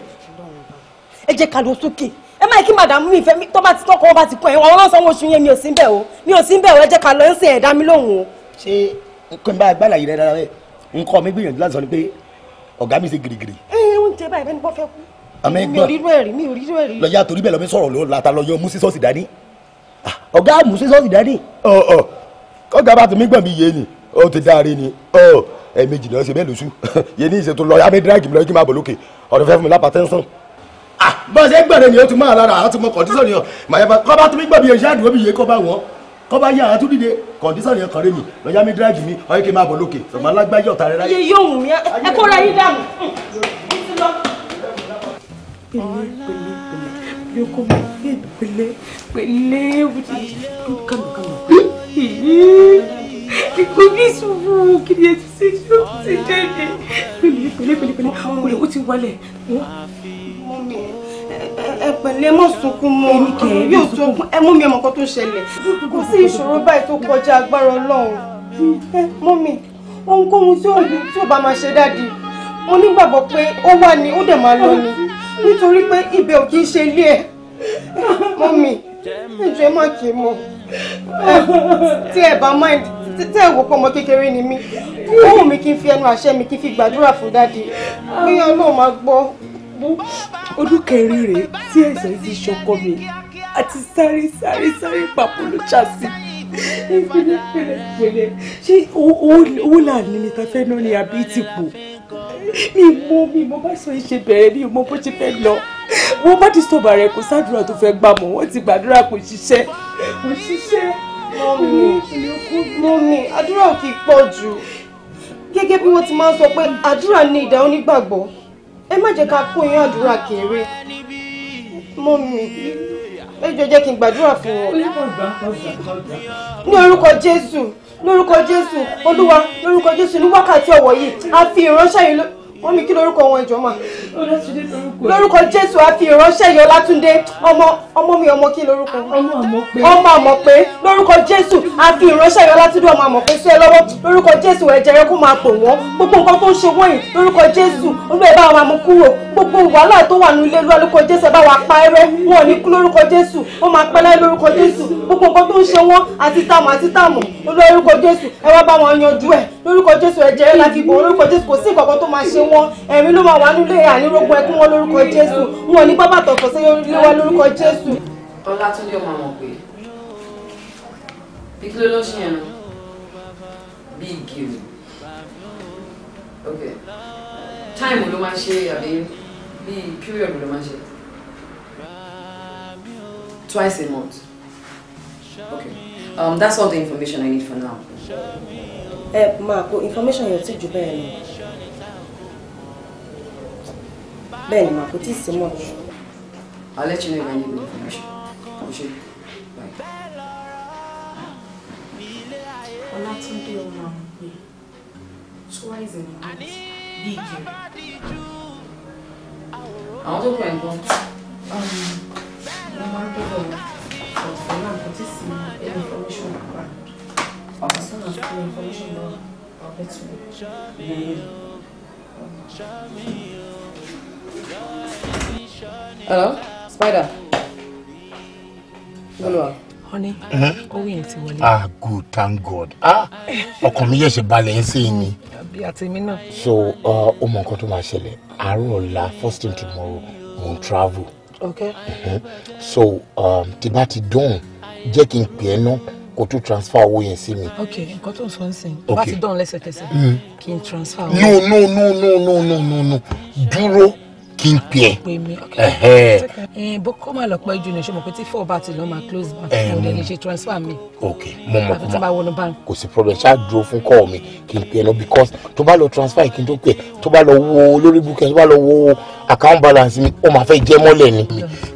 ẹ jẹ́ ká lọ sókè ẹ má yẹ kí madam mi ìfẹ́ mi tọ́ba ti tọ́kọ ọba ti kún ẹ̀ wọn lọ́sàn-án oṣù yẹn mi ò sí bẹ́ẹ̀ o mi ò sí bẹ́ẹ̀ o ẹ jẹ́ ká lọ ń sìn ẹ̀dá mi lóhùn o. ṣé nǹkan bá agbára yìí rẹ dára rẹ nǹkan mi gbìyànjú láti sọ ni pé ọ̀gá mi ṣe gìrìgìrì. ẹ ẹ oúnjẹ báyìí bẹ́ẹ̀ ni wọ́n fẹ́ kú mi ò rí rú ẹ̀rí mi ò rí rú ẹ̀rí. lọ́yà torí bẹ́ẹ̀ lọ́mí sọ̀rọ̀ ló lata lọ́yọ́ mú sí sọ́ọ̀sì dání. Ah, ọ̀gá mú sí sọ́ọ̀sì dání. kọ́gà bá tún mí gbọ̀n mi yé ni ó ti dáre ni ẹ̀ẹ̀mejì lọ́sẹ̀ bẹ́ẹ̀ lóṣù yé ní ìṣètò lọ́yà mi dírẹ́gì mi lọ́yà máa bọ̀ lókè ọ̀rẹ́ fẹ́ fún mi lápá tẹ́ńsán bọ́n ṣe gbọ̀dẹ̀ ni ó ti máa lára àti mọ kọ̀dísọ̀nì yàn màyàbá kọ́ bá tún mí gbọ̀bí ẹ̀ṣẹ́ àdúró mi yé kọ́ bá wọ́n kọ́ bá yá àwọn tún dìde kọ̀dísọ̀nì yàn kan rẹ̀ mi lọ́jà mi dírẹ́jì mi ọ̀yẹ́ kí n máa bọ̀ lókè ṣùgbọ́n alágbáyé ọ̀tá rẹ̀ láyé. yóò wù mí ẹ kó ra yín dànù. pẹ̀lẹ́ pẹ̀lẹ́ pẹ̀lẹ́ pẹ̀lẹ́ kò ní sùúrù kí ni ètò ṣe ṣe ó ti jáde pẹ̀lẹ́ pẹ̀lẹ́ pẹ̀lẹ́ olè ó ti wọlẹ̀ mọ́mí ẹ pẹ̀lẹ́ mọ́ sunkún mọ́ yóò sunkún ẹ mọ́mí ẹmọ kan tó ṣẹlẹ̀ kò sí ìṣòro báyìí tó kọjá agbára Ọlọ́run ẹ mọ́mí ohunkóhun tí ò bá máa ṣe dáàdi mo nígbàgbọ́ pé ó wà ní ó dẹ̀ máa lọ ni nítorí pé ibẹ̀ ò kì í ṣe ilé ẹ̀ mọ́mí ìjọ ẹ má kì í mọ́ tí ẹ bá mind títẹ́ ẹ̀ wò pọ̀ ọmọ kékeré ni mí ohun mi kí n fi ẹnu àṣẹ mi kí n fi gbàdúrà fún dáàdi bóyá ọlọ́run máa gbọ́. ọdún kẹrin rèé tí ẹ̀sẹ̀ ti ṣọkọ mi àti sáré sáré sáré papò ló ṣá sí ìpínlẹ̀ ìpínlẹ̀ ìpínlẹ̀ ṣé owó là ni ta náà ni àbí ti pọ̀ mi mọ mi mọ bá sọ ìṣe bẹ̀rẹ̀ mi mọ bó ṣe fẹ́ lọ wọ́n bá ti sọ̀bà rẹ̀ kó sádùúrà tó fẹ́ gbà mọ́ wọ́n ti gbàdúrà kó ṣiṣẹ́ kó ṣiṣẹ́ mọ́mí àdúrà kì í pọ̀ jù gẹ́gẹ́ bí wọ́n ti máa ń sọ pé àdúrà ní ìdá onígbàgbọ́ ẹ má jẹ́ ká kó yín àdúrà kéré mọ́mí ẹ jọ̀ọ́ jẹ́ kí n gbàdúrà fún wọn ní orúkọ Jésù lórúkọ Jésù Olúwa lórúkọ Jésù ní wákàtí ọ̀wọ̀ yìí a fi ìránṣẹ́ yìí wọ́n ní kí lórúkọ wọn ìjọ mà. lórúkọ jésù àfi ìránṣẹ́ yọ látúndé ọmọ ọmọ mi ọmọ kí lórúkọ. ọmọ àmọ̀ pé lórúkọ jésù àfi ìránṣẹ́ yọ látúndé ọmọ àmọ̀ pé sí ẹ lọ́wọ́ lórúkọ jésù ẹ̀jẹ̀ rẹ kó máa pò wọ́n gbogbo nǹkan tó ń ṣe wọ́n yìí lórúkọ jésù olúwa bá wa mú kúrò gbogbo wàhálà tó wà nílé lórúkọ jésù ẹ bá wa pa ẹrẹ wọn ò ní kú lórúkọ jésù ó máa pẹ́ láyé lórúkọ jésù gbogbo nǹkan tó ń ṣe wọ́n àti tààmù àti tààmù lórúkọ jésù ẹ wá bá wọn yanjú ẹ lórúkọ jésù ẹ̀jẹ̀ rẹ la fi bò lórúkọ jésù kò sí nǹkan tó máa ṣe wọn ẹ̀mí ló máa wà nílé ànírógún ẹkún wọn lórúkọ Jésù wọn ní bábà tọ̀tọ̀ sí ilé wa lórúkọ Jésù. Ọlátúndé ọmọ àwọn pé bí kí ló ló ṣe yẹn bí igi o ok táìmù ló máa ṣe àbí bí period ló máa ṣe twice a month okay um, that's all the information I need for now. ẹ máa kó information yẹn tí jù bẹ́ẹ̀ lọ. bẹ́ẹ̀ ni mà kò tí ì sí mọ̀. I'll let you know if I need more information. Kò ṣe. Ọlátúndé ọmọ àwọn pé twice in a month bí ìjẹ. Àwọn tó pẹ̀ ń gbọ́. Um, mo máa ń gbọ́dọ̀ ọ̀sẹ̀ náà kò tí ì sí any information nípa ọ̀sán àti information náà ọ̀bẹ tó. Show me you, um, show Hello? Spider. Olúwa. Honey, owó yẹn ti wọlé. Ah, good, thank God. Ah, ọkàn mi yẹ̀ṣẹ̀ balẹ̀ ẹ́ sí ni. Àbí àtẹ̀mí náà. So, ó mọ nǹkan tó máa first thing tomorrow, mo travel. Okay. Mm-hmm. So, um, bá ti dùn, jẹ́ kí n pè transfer away and see me. Okay, nǹkan tó ń sọ ń sìn bá ti dán lẹ́sẹ̀kẹsẹ̀ mm. kí n transfer owó. no no no no no no no Duro kí n pè ẹ. Eh, bó kó má lọ pẹ́ jù ní ṣọmọ pé tí four bá ti lọ máa close bank mo lè ṣe transfer mi. ok mo mọ kó má kò sí problem ṣáà dúró fún call mi kí n pè ẹ lọ because tó bá lọ transfer kí n tó pè ẹ tó bá lọ wo lórí bookend tó bá lọ wo account balance mi ó máa fẹ́ jẹ́ mọ́lẹ̀ ni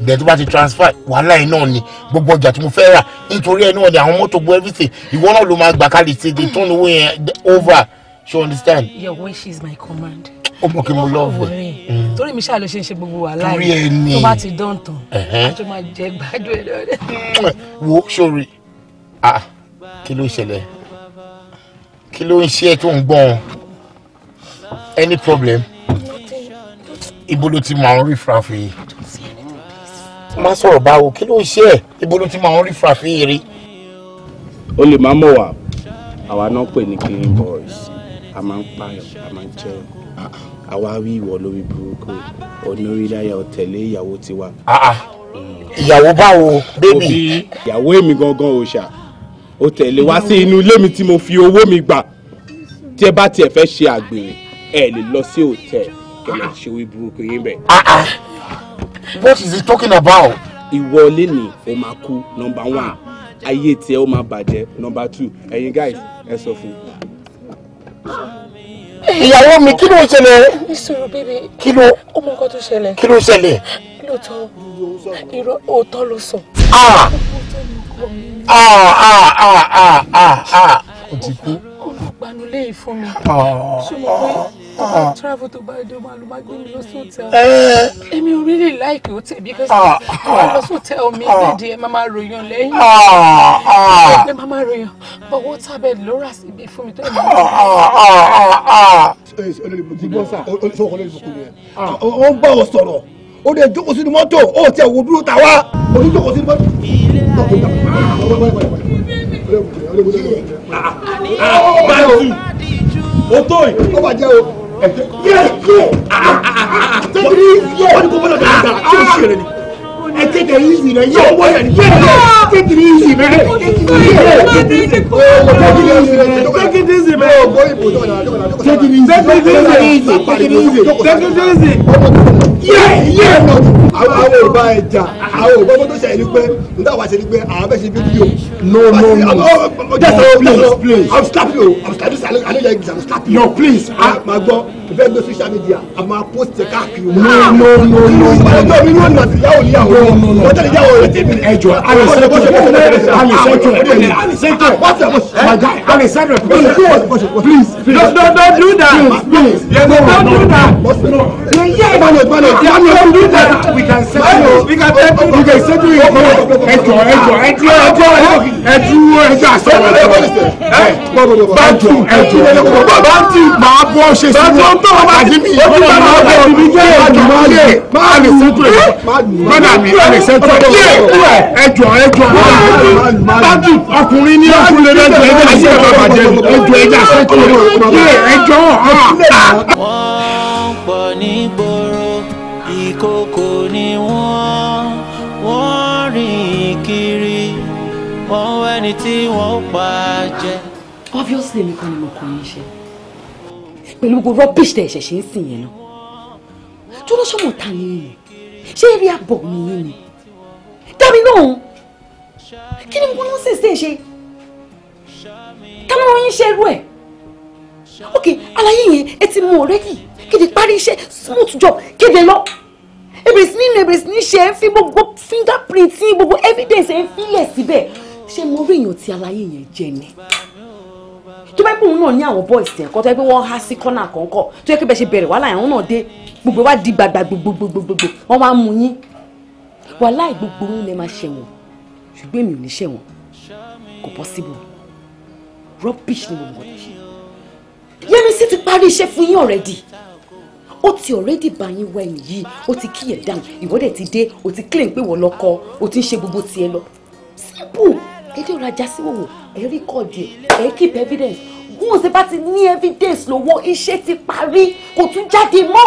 bẹ́ẹ̀ tó bá ti transfer wàhálà yìí náà ni gbogbo ọjà tí mo fẹ́ rà nítorí ẹ náà ni àwọn mọ́tò gbọ́ everything ìwọ náà ló máa gbà kalẹ̀ ṣe the turn owó yẹn over ṣe understand. your wish is my command. ó oh, mọ kí mo love ẹ. Mm. torí mi ṣáà ló ṣe ń ṣe gbogbo wàhálà yìí tó bá ti dán tán àjọ máa jẹ gbádùn ẹ lọ́dẹ. wo sórí ah kí ló ṣẹlẹ̀ kí ló ń ṣe ẹ tó ń gbọ́n any problem ibo ló ti máa ń rí fàáfì yìí má sọ̀rọ̀ báwo kí ló ń ṣe ẹ ibo ló ti máa ń rí fàáfì yìí rí. ó lè má mọ̀ wá àwa náà pè ní clean boys a máa ń pààyàn a máa ń jẹun àwa rí ìwọ lórí burúkú onírìláyà ọ̀tẹ̀lé ìyàwó tiwa. ìyàwó báwo bébì. ìyàwó èmi gangan ò ṣà ó tẹ̀lé wá sí inú ilé mi tí mo fi owó mi gbà tí ẹ bá tiẹ̀ fẹ́ ṣe àgbèrè ẹ lè lọ sí hòtẹ́ẹ̀lì kẹlẹ ṣe burúkú yín bẹ. what is he talking about. ìwọlé ni o máa kú nọ́mbà one ayé tiẹ̀ o máa bàjẹ́ nọ́mbà two ẹ̀yin guys ẹ sọ fún un ìyàwó mi kí ló ń ṣẹlẹ̀. ní sùúrù bíbí kí ló ó mọ nǹkan tó ṣẹlẹ̀. kí ló ń ṣẹlẹ̀. lóòótọ́ irọ́ òótọ́ ló sọ. Ah! Ah! Ah! olùgbanulé yìí fún mi ṣùgbọ́n Uh, travel to buy them and my going to hotel. I mean, really like hotel because uh, uh, hotel me uh, the mama royon lẹ́yìn. Ah ah. mama royon. But what happened Laura sì bí fún mi to. Ah ah ah. Ó ń bá ọ sọ̀rọ̀. Ó dẹ̀ jókòó sínú mọ́tò. Ó ti wo dúró ta wá. Ó ní jókòó sínú mọ́tò. Báyìí, o tó yìí, ó bàjẹ́ o yẹ yẹ tẹ́tí yẹ. wọ́n ní kò gbọ́dọ̀ dẹ́gbẹ̀ta kí o ṣe rẹ ni. I take it easy man. Yo, take it easy, man. Take it easy, man. Take it easy, man. Take it easy, man. Take it easy. Take it easy. Take it easy. Take it easy. Yeah, yeah. Àwọn àwọn ò bá ẹ jà, àwọn ò gbọ́dọ̀ ṣe ẹni pé nígbà wá ṣe ni pé àwọn abẹ́ ṣe fídíò. No no no. Just no, please please. I'm slap you. I'm slap you. I know your exam. I'm slap you. No please. Màá gbọ́ ìfẹ́ gbé social media. A máa post ẹ̀ káàkiri. No no no no. Ìgbàlejò mi ni wọ́n nà sí yàwó níyàwó wọ́n tẹ̀lé jẹ́ òye ẹjọ́ alisẹ́jọ́ alisẹ́jọ́ alisẹ́jọ́ maga alisẹ́jọ́ please please no no do that please yes no do that no yeah balẹ̀ balẹ̀ yeah no do that we can settle we can settle we can settle it ẹjọ́ ẹjọ́ ẹjọ́ ẹjọ́ ẹjọ́ ẹjọ́ asẹ́wọ̀n bàtú ẹjọ́ bàtú màá bọ́ ṣe ọkùnrin ní ọkùnrin lè lẹjọ ẹjọ àti ẹjọ bàjẹ́ ẹjọ ẹjọ àṣẹjọ ẹjọ ọhà. ìkòkò ni wọ́n wọ́n rìn kiri wọ́n wẹ́ni tí wọ́n pa jẹ. obviously mi kàn ní mo kàn yín ṣe pẹ̀lú gbogbo rubbish tẹ̀ ṣẹ̀ṣẹ̀ ń sìn yẹn náà tí wọ́n lọ́sọ̀mọ̀ ta ni yìí ṣé eré àbọ̀ mi yìí ni dábì náà kí ni mo lọ́n sì ṣe ṣe táwọn ọyìn ṣe irú ẹ̀ ok àlàyé yẹn ẹ ti mú ọ̀rẹ́dì kéde parí iṣẹ́ smooth job kéde lọ èbèrè sí nínú èbèrè sí ní ṣe é fi gbogbo fingerprint yín gbogbo evidence ẹ̀ ń filẹ̀ síbẹ̀ ṣé mo rí èèyàn ti àlàyé yẹn jẹ ni tó bá pòun náà ní àwọn boys tẹ̀ kọ́ tó yẹ pé wọ́n há sí kọ́nà kọ̀ọ̀kọ̀ tó yẹ pé bẹ́ẹ̀ ṣe bẹ̀rẹ̀ wàhálà àwọn náà dé gbogbo wa di gbàgbà gbogbogbogbogbò wọ́n wá mú yín wàhálà gbogbo yín lè máa ṣẹ̀wọ̀n ṣùgbọ́n èmi ò ní ṣẹ̀wọ̀n kò possible rubbish ni mo mọ̀ ṣe Yẹ́misí ti parí iṣẹ́ fún yín already ó ti already bá yín wá ẹni yìí ó ti kíyẹ̀ down ìwọ́dẹ̀ ti dé ó ti claim pé wọ́n lọ́kọ ó ti ń ṣe gbogbo tiẹ̀ lọ simple ẹdí ọ̀rọ̀ ajá sí wòwò ẹ rékọ̀dì ẹ keep evidence wọn ò sì bá ti ní evidence lọ́wọ́ iṣẹ́ ti parí kò tún jáde mọ́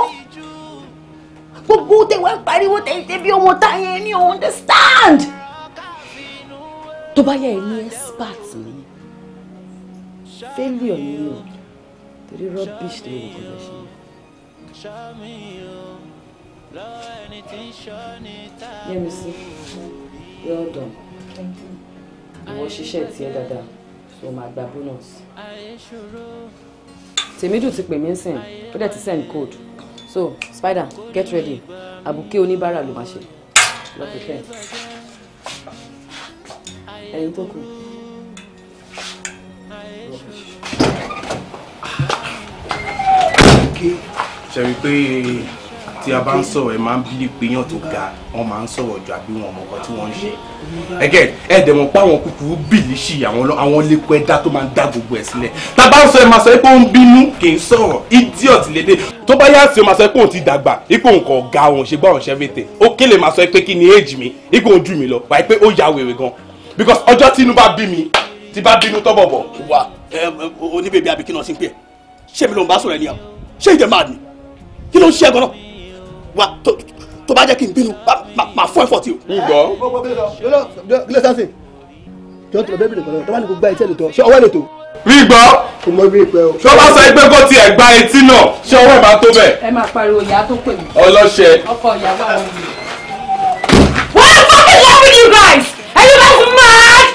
gbogbo tẹ wá pariwo tẹ ṣe bí ọmọ táyà ẹ ní understand tó bá yẹ ẹ ní expert mi failure ni o torí rubbish ni o kò lọ ṣe. Let me see. Well done. Thank you ìwọ ṣiṣẹ́ tiẹ̀ dáadáa so máa gba bonus. tèmídù ti pè mí sìn ó dẹ̀ ti send code so spider get ready àbùké oníbàárà ló máa ṣe lọ pẹ̀fẹ́ ẹ̀yin tó kù. ṣe rí i pé tí a bá ń sọ̀rọ̀ ẹ máa ń bí pé yàn tó ga wọn máa ń sọ̀rọ̀ jù àbí wọn mọ̀kàn tí wọ́n ń ṣe ẹgẹ́ ẹ dẹ̀ mọ̀ àwọn kúkúrú bìlì ṣì àwọn lẹ́kọ̀ọ́ ẹ̀dá tó máa ń dá gbogbo ẹ̀ sílẹ̀ tá a bá ń sọ ẹ máa sọ pé ó bínú kì í sọ̀rọ̀ idiot lédè tó bá yá sí o máa sọ pé òun ti dàgbà ipò nǹkan ọ̀gá òun ṣe gbọ́ òun ṣe fètè ó kéle máa sọ pé kí ni because ọjọ́ tí inú bá bí mi ṣé mi máa ní kí ló ń ṣe ẹ gan wa To, to jẹ́ kí n bínú máa fọ́ ẹ̀fọ́ tí o. ìgbọ́. ilé sánsìn jọ́n tó lọ bẹ́ẹ̀ bìrì kan lọ́wọ́ tó bá ní kó gba etí ẹ̀ lè tọ́ ṣé ọwọ́ ẹ̀ lè tó. rí gbọ́. kò mọ ibi ìpẹ́ o. ṣọba sọ ẹgbẹ́ kó tiẹ̀ gba etí náà ṣé ọwọ́ ẹ̀ máa tó bẹ̀. ẹ máa pariwo ìyá tó pè mí. ọlọ́ṣẹ. ọkọ ìyàwó àwọn ọmọ mi. What the fuck is wrong with you guys? Are you guys mad?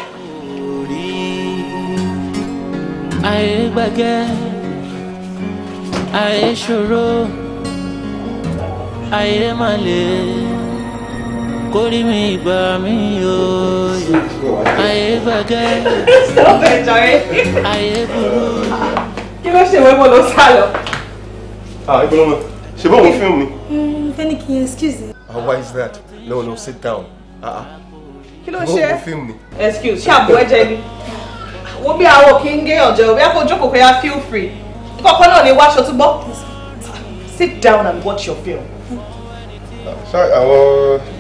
ayé gbẹgẹ ayé ṣòro ayé má le kórìí mi ìgbà mi yòòyò ayé gbàgẹ́ ayé burú. kí ló ṣe wẹ́pọ̀ ló sá lọ. ìbọn ah, ọmọ ṣe bọ́ òun fíìmù ni. tẹ́ni mm, kì í excuse me. ah why is that no no sit down. Ah, ah. kí ló ṣe excuse ṣé àbúrò ẹ̀jẹ̀ ni wo bí àwọn kì í gé ọ̀jẹ̀ òbí àfojúkòkò ya feel free kọ́kọ́ náà ni wáṣọ túbọ̀ sit down and watch your film ṣáà àwọn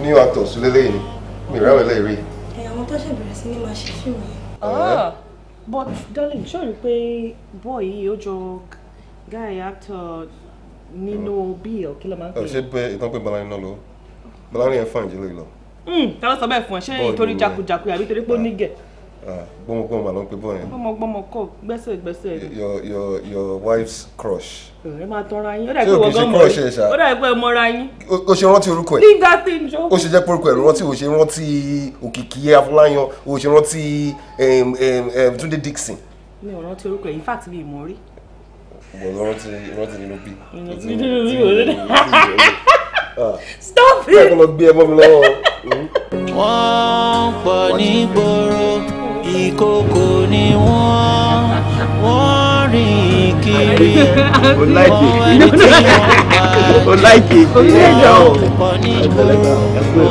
new actors lélẹ́yìn ni mi ìrẹ́wọ̀n lè rí. àwọn tó ṣe bẹ̀rẹ̀ sí ni máa ṣe fíìmù yẹn. Ah! but darling ṣé o rí pé boy yìí ó jọ guy actor nínú bill kí ló máa ń pè é. ṣé pé ìtàn pé Bọ́lárin náà lọ Bọ́lárin yẹn fún àjẹlẹ lọ. tá ló sọ bẹ́ẹ̀ fún ẹ ṣé nítorí jakujaku àbí torí pé ó nígẹ̀ gbọ́mọgbọ́mọ ló ń pe bọ́ọ̀ yẹn. gbọ́mọgbọ́mọ kò gbẹ́sẹ̀ gbẹ́sẹ̀. your your your wife's crush. ẹ máa tọrọ ayín ó dà pé wọ́n gan mọ̀ ẹ́ ó dà pé mọ́ra yín. o ṣe rántí orúkọ ẹ. nígbà tí n jó. o ṣe jẹ́ pé orúkọ ẹ rántí o ṣe rántí òkìkí afọláyan o ṣe rántí túndé dixon. mi ò rántí orúkọ ẹ in fact mi ì mọ̀ rí. wọ́n rántí rántí nínú bí. stop it. wọ́n pọ̀ nígboro ìkòkò ni wọ́n wọ́n rìn kiri wọ́n ẹni tí wọ́n bá jẹ́ ọkọ̀ nígboro ìkòkò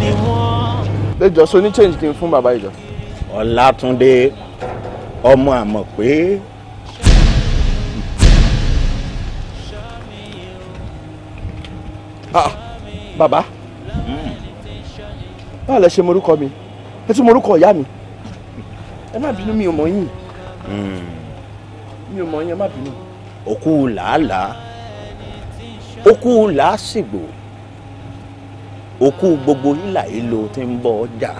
ni wọ́n. lẹ́jọ́ so ní change kí n fún bàbá ìjọ. Ọlátúndé ọmọ àmọ̀ pé. Ah, Baba. Hmm. báwo lẹ ṣe morúkọ mi ẹ tún mọ orúkọ ìyá mi ẹ má bínú mi ò mọ̀ yín hmm. mi ò mọ̀ yín ẹ má bínú. òkú làálàá òkú làásìgbò òkú gbogbo yílà ìlò tí ń bọ ọjà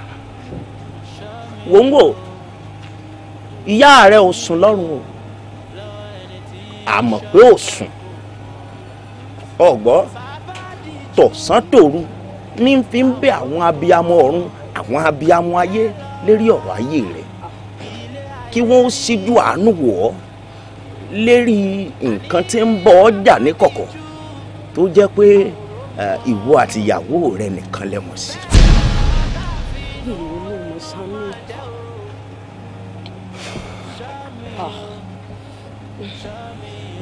wòńwò ìyá rẹ ò sùn lọ́rùn o àmọ̀ pé ò sùn ọ̀gbọ́ tọ̀sán tòru ní fi ń bẹ àwọn abiyamọ ọ̀run àwọn abiyamọ ayé lérí ọ̀rọ̀ ayé rẹ̀ kí wọ́n ó ṣíjú àánú wò ọ́ lérí nǹkan tí ń bọ̀ ọ́ jà ní kọ̀kọ̀ tó jẹ́ pé ìwọ àti ìyàwó rẹ nìkan lẹ mọ̀ sí.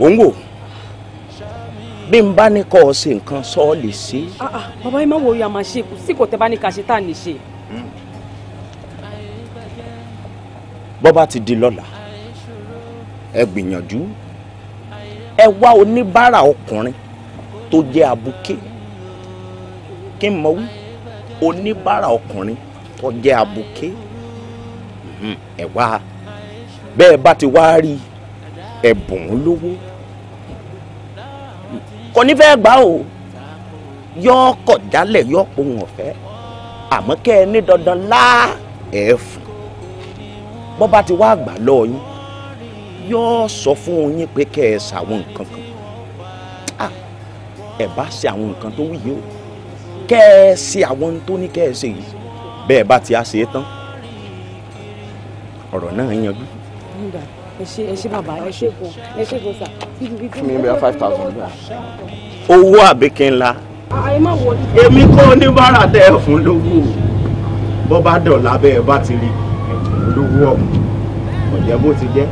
ò ń wò bí n bá ní kọ́ ọ ṣe nǹkan sọ ọ lè ṣe. Ah, ah, bàbá yìí má wo ya máa ṣe kù sí kò tẹ́ bá ní ká ṣe tá à ní ṣe. bó ti di lọ́la ẹ gbìyànjú ẹ wá oníbàárà ọkùnrin tó jẹ́ abuké kí n mọ̀ wí oníbàárà ọkùnrin tó jẹ́ abuké hmm, ẹ wá bẹ́ẹ̀ bá ti wá rí ẹ bùn ún lówó kò ní fẹ́ gbà o yọ ọkọ̀ jálẹ̀ yọ ọ̀pọ̀ òun ọ̀fẹ́ àmọ́ kẹ́ ẹ ní dandan lá ẹ̀ fún bọ́ bá ti wá àgbà lọ yín yóò sọ fún yín pé kẹ́ ẹ ṣàwọn nǹkan kan ah, ẹ bá ṣe àwọn nǹkan tó wù yìí o kẹ́ ẹ ṣe àwọn tó ní kẹ́ ẹ ṣe yìí bẹ́ẹ̀ bá ti á ṣe é tán ọ̀rọ̀ náà yanjú. ẹ ṣe ẹ ẹ ṣe kò five thousand naira. owó àbíkẹ́ ńlá. èmi kọ́ oníbàárà tẹ́ ẹ fún lówó bọ́ bá dọ̀ lábẹ́ ẹ bá ti rí i lówó ọ̀hún kò jẹ́ bó ti jẹ́.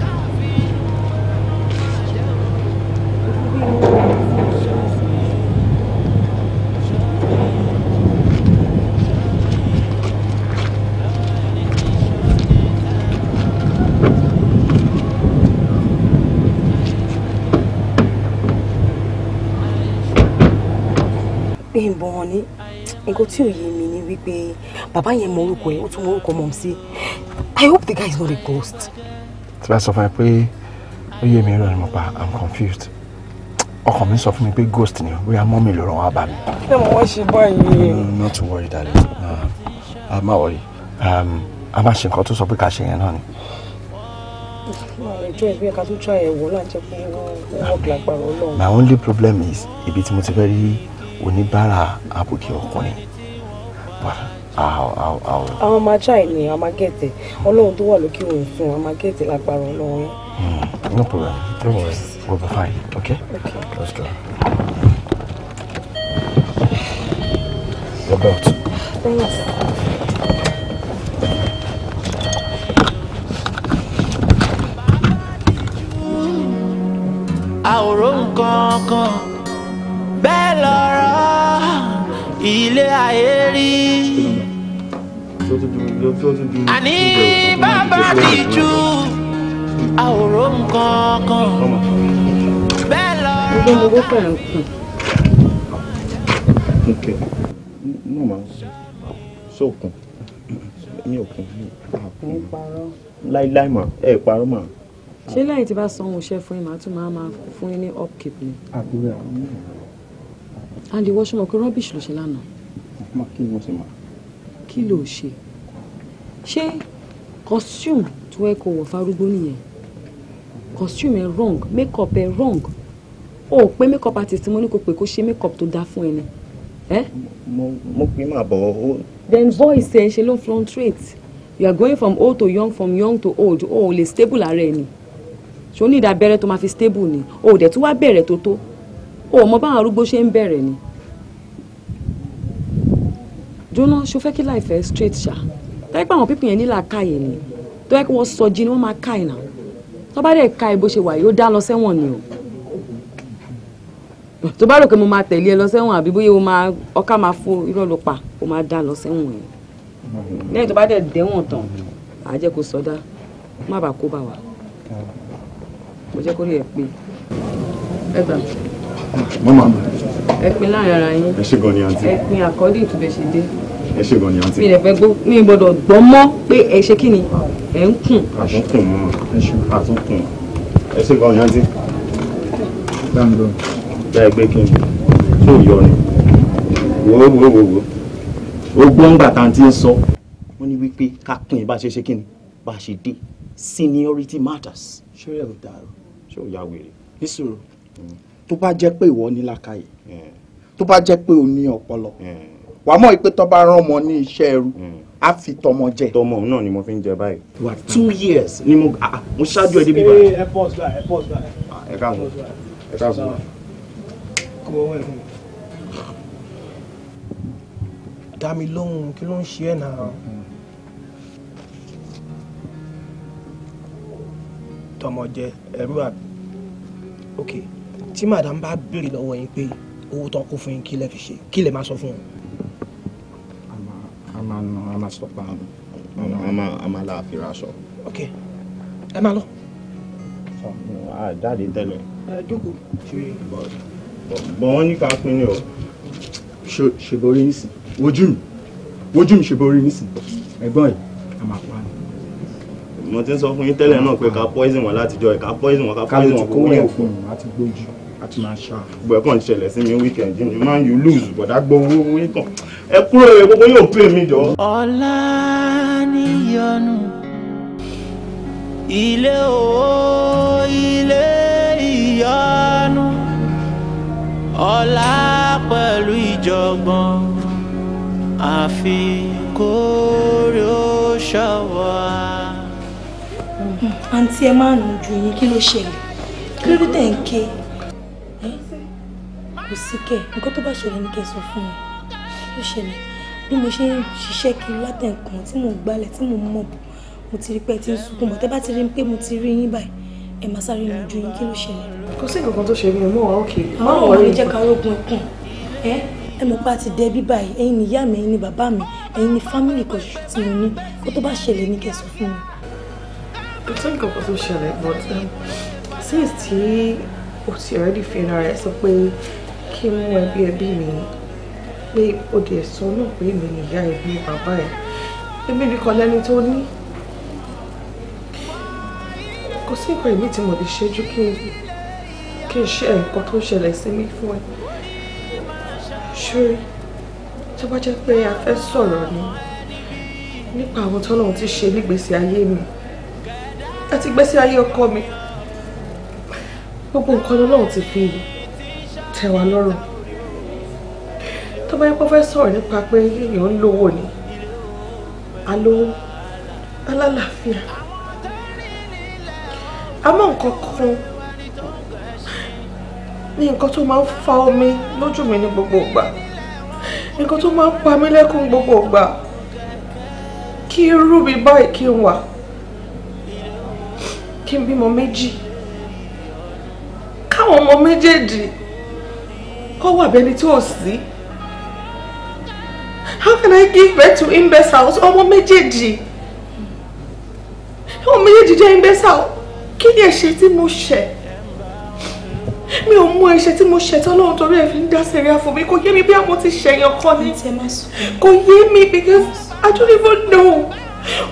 nǹkan tí ò yé mi wípé bàbá yẹn mọ orúkọ ẹ ó tún mọ orúkọ mọ̀ sí i hope the guy is not a ghost. tí wàá sọ fún ẹ pé ó yé mi rẹ ni mo pa i'm confused ọkàn mi sọ fún mi pé ghost ni bóyá mọ́ mi ló ràn wá bá mi. ṣé mo wọ́n ṣe báyìí. Mm, not to worry darling ah, um, a má wọrí a má ṣe nǹkan tó sọ pé ká ṣe yẹn náà ni. my only problem is ibi tí mo ti fẹ́ rí oníbàárà àbòkí ọkùnrin àwọn ọmọ ajá ẹ̀ ni amagẹ́tẹ̀ ọlọ́run tó wà lókè òun fún amagẹ́tẹ̀ lágbára ọlọ́run. Hmm, no problem don't worry we'll be fine okay, okay. let's go. your belt. Thanks. àwòrán kankan bẹ́ẹ̀ lọ́rọ̀ ilé ayé rí. àní bàbá mi jù àwòrán kankan bẹ́ẹ̀ lọ́rọ̀ bá. mo gbọ́ fẹ́ràn Okay. No ma so kun. Ni okun. Ni parọ́. Láí láí ma. Ẹ parọ́ ma. Ṣé lẹ́yìn tí bá san òun ṣe fún yín màá tún máa máa fún yín ní upkeep ni? Àbúrò àwọn ọmọ and ìwọ ṣe mọ̀ pé rubbish ló ṣe lánàá. má kí ni mo ṣe mọ̀. kí ló ṣe ṣé costume tó ẹ kò wọ̀ farúgbó nìyẹn costume ẹ wrong make up ẹ wrong o ò pé make up artist mo ní kò pé kó ṣe make up tó dáa fún ẹ ni. mo mo pè má bọ̀ ó. then voice ẹ ṣe ló ń fluctuate you are going from old to young from young to old o ò lè stable ara ẹ ni ṣo ní ìdábẹ́rẹ́ tó máa fi stable ni o ò dẹ̀ tún wá bẹ̀rẹ̀ tó tó o mọ báwọn arúgbó ṣe ń bẹ̀rẹ̀ ni jóná ṣo fẹ́ kí láìfẹ́ straight ṣá tọ́yẹ́ pé àwọn pípìn yẹn nílà káyè ni tọ́yẹ́ pé wọ́n sọ jí ni wọ́n máa káyè náà tó bá dẹ̀ ka ìbò ṣe wà yóò dá lọ sẹ́wọ̀n ni o tó bá rò pé mo máa tẹ̀lé ẹ lọ sẹ́wọ̀n àbí bóyá o máa ọkà máa fún irọ́ ló pa o máa dá lọ sẹ́wọ̀n yẹn lẹ́yìn tó bá dẹ̀ dẹ́wọ̀n tán àá jẹ́ kó sọdá má bàa kó bá wa mo jẹ́ kó rí ẹ pé ẹ gbà mọ́mọ́ mi. ẹ pin láàrin ara yín. ẹ ṣe ni àǹtí. ẹ pin according to bẹ ṣe dé. ẹ ṣe gan ni àǹtí. mi ò fẹ́ gbọ́ mi ò gbọ́dọ̀ gbọ́ mọ́ pé ẹ ṣe kí ni ẹ ń kùn. àtúnkùn mọ́ àtúnkùn ẹ ṣe gan ni àǹtí. dáńdọ́. bẹ́ẹ̀ gbé kí n tó yọ ni wò ó wò ó wò ó gbọ́ngbà tá à ń ti sọ wọ́n ní wípé ká pin bá ṣe ṣe kí ni bá ṣe dé seniority matters ṣé ó yẹ kó dàrú ṣé ó yà wèrè. ní sùúrù mm tó bá jẹ́ pé ìwọ ní làkàyè hmm. tó bá jẹ́ pé o ní ọpọlọ hmm. wàá mọ̀ pé tó bá rán ọmọ ní iṣẹ́ ẹrú hmm. á fi tọmọ jẹ. tọmọ náà ni mo fi ń jẹ báyìí. wà two years ni mo ah, ah, mo ṣáájú ẹ débi báyìí. Eh, ẹ pọ̀ sílá ẹ pọ̀ sílá. Ah, ẹ káàbọ̀ ẹ káàbọ̀. kò wọ́n ẹ̀ fún mi. dá mi lóhùn kí ló ń ṣe ẹ̀ náà. tọmọ jẹ ẹrú àbí. okay tí madam bá béèrè lọ́wọ́ yín pé owó tán kó fún yín kí lẹ fi ṣe kí lẹ máa sọ fún wọn. a máa nà a máa sọ pa a máa la àfihàn aṣọ. ok ẹ máa lọ. jáde tẹ́lẹ̀. ẹ jókòó. bọ̀ wọ́n ní ká pín ní o ṣèborí nísìn wojú mi wojú mi ṣèborí nísìn ẹ̀gbọ́n yìí a máa pa mo ti sọ fún yín tẹ́lẹ̀ náà pé ká poison wọn látijọ́ ẹ̀ ká poison wọn ká poison wọn kó wọ́n yẹn fún un àti gbójú láti máa ṣọ́. gbogbo ẹ̀kọ́ ń ṣẹlẹ̀ sí mi weekend ni man you lose bọ̀dá gbowó wíkàn ẹ kúrò rẹ gbogbo yóò pè mí jọ. ọ̀la níyọnu ilé owó ilé ìyọnu ọ̀la pẹ̀lú ìjọ̀gbọ̀n àfi kórè ó àǹtí ẹ máa nù ju yín kí ló ṣẹlẹ̀ kí ló dé tẹ̀ ń ké kò sí kẹ̀ nǹkan tó bá ṣẹlẹ̀ ní kẹ́ sọ fún mi ló ṣẹlẹ̀ bí mo ṣe ń ṣiṣẹ́ kiri látẹ̀kàn tí mò ń tí mò ń mọ̀ mo ti rí pé tí ń sunkún mọ̀ tẹ́ bá ti rí pé mo ti rí yín báyìí ẹ máa sáré ní ojú yín kí ló ṣẹlẹ̀. kò sí nǹkan tó ṣe mí mọ́ wa ókè. àwọn ọmọ mi jẹ́ ká rógun ẹkùn ẹ ẹ mọ̀ pé a ti dẹ bí báyìí ẹ̀yin ni ìyá mi ẹ̀yin ni bàbá mi ẹ̀yin ni fámìlì kan ṣoṣo tí mo ní kó tó bá ṣẹlẹ̀ ní kẹ́ fún mi. kò sí nǹkan kan tó ṣẹlẹ̀ but um, since tí o ti already fi ara rẹ sọ pé kí n mú ẹbí ẹbí mi pé ó dẹ̀ sọ náà pé èmi ni ìyá ẹbí bàbá ẹ̀ èmi nìkan lẹ́ni tó ní kò sí nǹkan ìmí tí mo lè ṣe ju kí n kí n ṣe nǹkan tó ń ṣẹlẹ̀ sí mi fún ẹ ṣé tó bá jẹ́ pé a fẹ́ sọ̀rọ̀ ni nípa àwọn tọ́lọ́run ti ṣe nígbésí ayé mi àti gbésí ayé ọkọ mi gbogbo nǹkan lọ́lọ́run ti fi yìí tẹ́ wa lọ́rùn tó bá yẹ kó fẹ́ sọ̀rọ̀ nípa pé èèyàn ń lówó ni alówó alálàáfíà àmọ́ nǹkan kan ní nǹkan tó máa ń fa omi lójú mi ní gbogbo ìgbà nǹkan tó máa ń pa mí lẹ́kún gbogbo ìgbà kí irú mi báyìí kí n wà kí n bímọ méjì káwọn ọmọ méjèèjì ó wà bẹni tí ò sí how can I give birth to imbeciles ọmọ méjèèjì ọmọ méjèèjì jẹ́ imbecile kí ni ẹ̀ṣẹ̀ tí mo ṣẹ̀ mi ò mú ẹ̀ṣẹ̀ tí mo ṣẹ̀ tán lọ́wọ́ torí ẹ̀ fi ń dá sẹ̀ríà fún mi kò yé mi bí àwọn ti ṣẹ̀yàn kan ni kò yé mi because I don't even know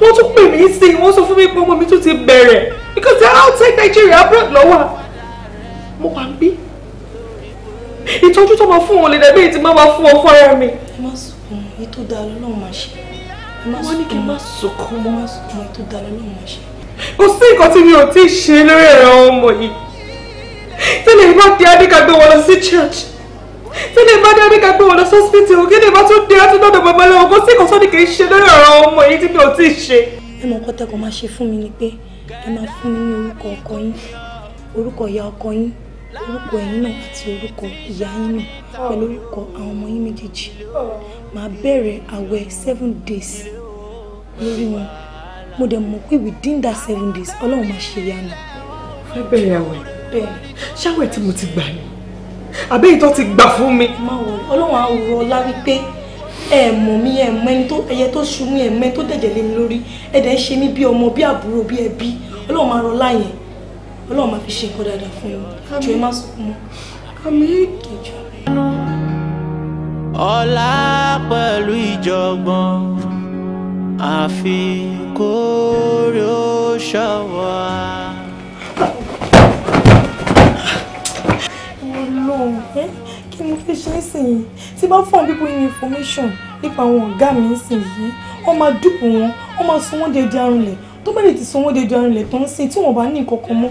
wọ́n tún pè mí sí i wọ́n sọ fún mi pé ọmọ mi tún ti bẹ̀rẹ̀ because they are outside Nigeria abroad lọ́wọ́ mo wà ń bí ìtọ́jú tó máa fún wọn lè dàbí èyí tí máa máa fún ọ fún ara mi. ẹ má sunkún èyí tó dáa lọ́lọ́run máa ṣe. wọ́n ní kí n má sunkún mọ́. má sunkún èyí tó dáa lọ́lọ́run máa ṣe. kò sí nǹkan tí mi ò tí ì ṣe lórí ẹ̀rọ ọmọ yìí. tẹ́lẹ̀ bá di adéka gbé wọn lọ sí church. tẹ́lẹ̀ bá di adéka gbé wọn lọ sí hospital kí ni bá tún di àti dọ́dọ̀ babaláwo kò sí nǹkan tó ní kì í ṣe lórí ẹ̀rọ ọmọ yìí tí mi ò tí ì ṣe. ẹ mọ nǹkan tẹkọọ máa ṣe fún mi ni pé ẹ máa fún mi ní orúkọ ẹ̀yin náà àti orúkọ ìyá yín náà pẹ̀lú orúkọ àwọn ọmọ yín méjèèjì màá bẹ̀rẹ̀ àwẹ̀ seven days lórí wọn mo dẹ̀ mọ̀ pé within that seven days ọlọ́run máa ṣe ìyanu. fẹ́ bẹ̀rẹ̀ àwẹ̀ ṣáwẹ̀ tí mo ti gbà ni àbẹ́yìí tó ti gbà fún mi. má wọ ọlọ́run á rọ ọlá wípé ẹ mọ̀ mí ẹ mọ̀ ẹni tó ẹyẹ tó ṣubú ẹ mọ̀ ẹni tó dẹ̀jẹ̀ lé mi lórí ẹ dẹ̀ ń ṣe mí bí ọmọ bí àbúrò bí ẹbí ọlọ́run máa rọ láyẹn ọlọ́run máa fi ṣe nǹkan dáadáa fún yín jù ẹ má sunkún mọ́. àmín ìjọ. ọlá pẹ̀lú ìjọ̀gbọ̀n àfi kórè ó ṣọwọ́ a. ọlọ́run ẹ́ kí mo fi ṣe é sìn yìí tí bá fún people ní information nípa àwọn ọ̀gá mi ń sìn yìí wọ́n máa dúpọ̀ wọn wọ́n máa sanwó déédéé arúnlẹ̀ tó bá lè ti sanwó déédéé arúnlẹ̀ tó ń tí wọ́n bá ní nǹkan kan mọ́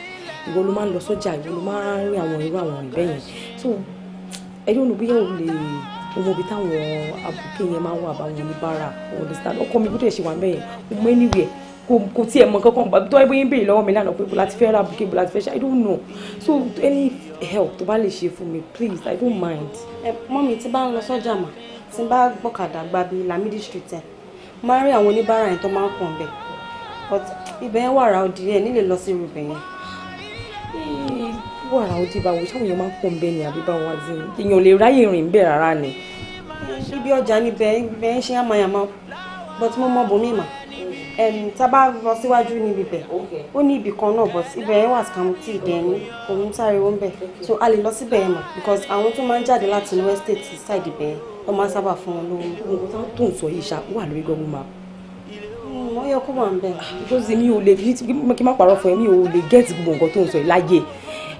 ìwọ ló máa ń lọ sọ́jà ìwọ ló máa ń rí àwọn irú àwọn ìbẹ́ yẹn so ẹni ònú bóyá ò lè ọmọ ibi táwọn abùké yẹn máa ń wà báwọn oníbàárà understand ọkọ mi gbọ́dọ̀ ṣe wà mẹyẹ ọmọ anywhere kò kò tiẹ̀ mọ kankan bá tó ẹbí yín béèrè lọ́wọ́ mi lánàá pé bó láti fẹ́ ra abùké bó láti fẹ́ ṣe i don't know so any help tó bá lè ṣe fún mi please i don't mind. ẹ mọ́mì tí bá ń lọ sọ́jà mà tí bá gbọ́kadà gba bíi Lamidi street ẹ̀ máa ń rí àwọn oníbàárà yẹn tó máa ń kàn bẹ̀ but ibẹ̀ yẹn wà ra òdì nílè lọ sí irú ibẹ̀ yẹn wàrà ojú báwo ṣáwọn èèyàn máa ń pọ̀ ń bẹ ni àbí báwo èèyàn lè ráyè rìn bẹ́ẹ̀ rárá ni. ibi ọjà ni bẹ́ẹ̀ bẹ́ẹ̀ ṣe àmọ̀yàmọ̀ but mo mọ bòmí mà tá a bá lọ síwájú níbi bẹ̀ ó ní ibì kan náà but ibẹ̀ yẹn wà scam tí ìdẹ̀ ni òun sáré wọn bẹ̀ so a lè lọ síbẹ̀ yẹn mà because àwọn tó máa ń jáde láti inú estate side ibẹ̀ wọ́n máa ń sábà fún wọn lówó yẹ kó wà ń bẹ̀. because mi ò lè kí n má parọ́ fún ẹ mi ò lè gẹ́ẹ̀tì gbogbo nǹkan tó ń sọ yìí láyé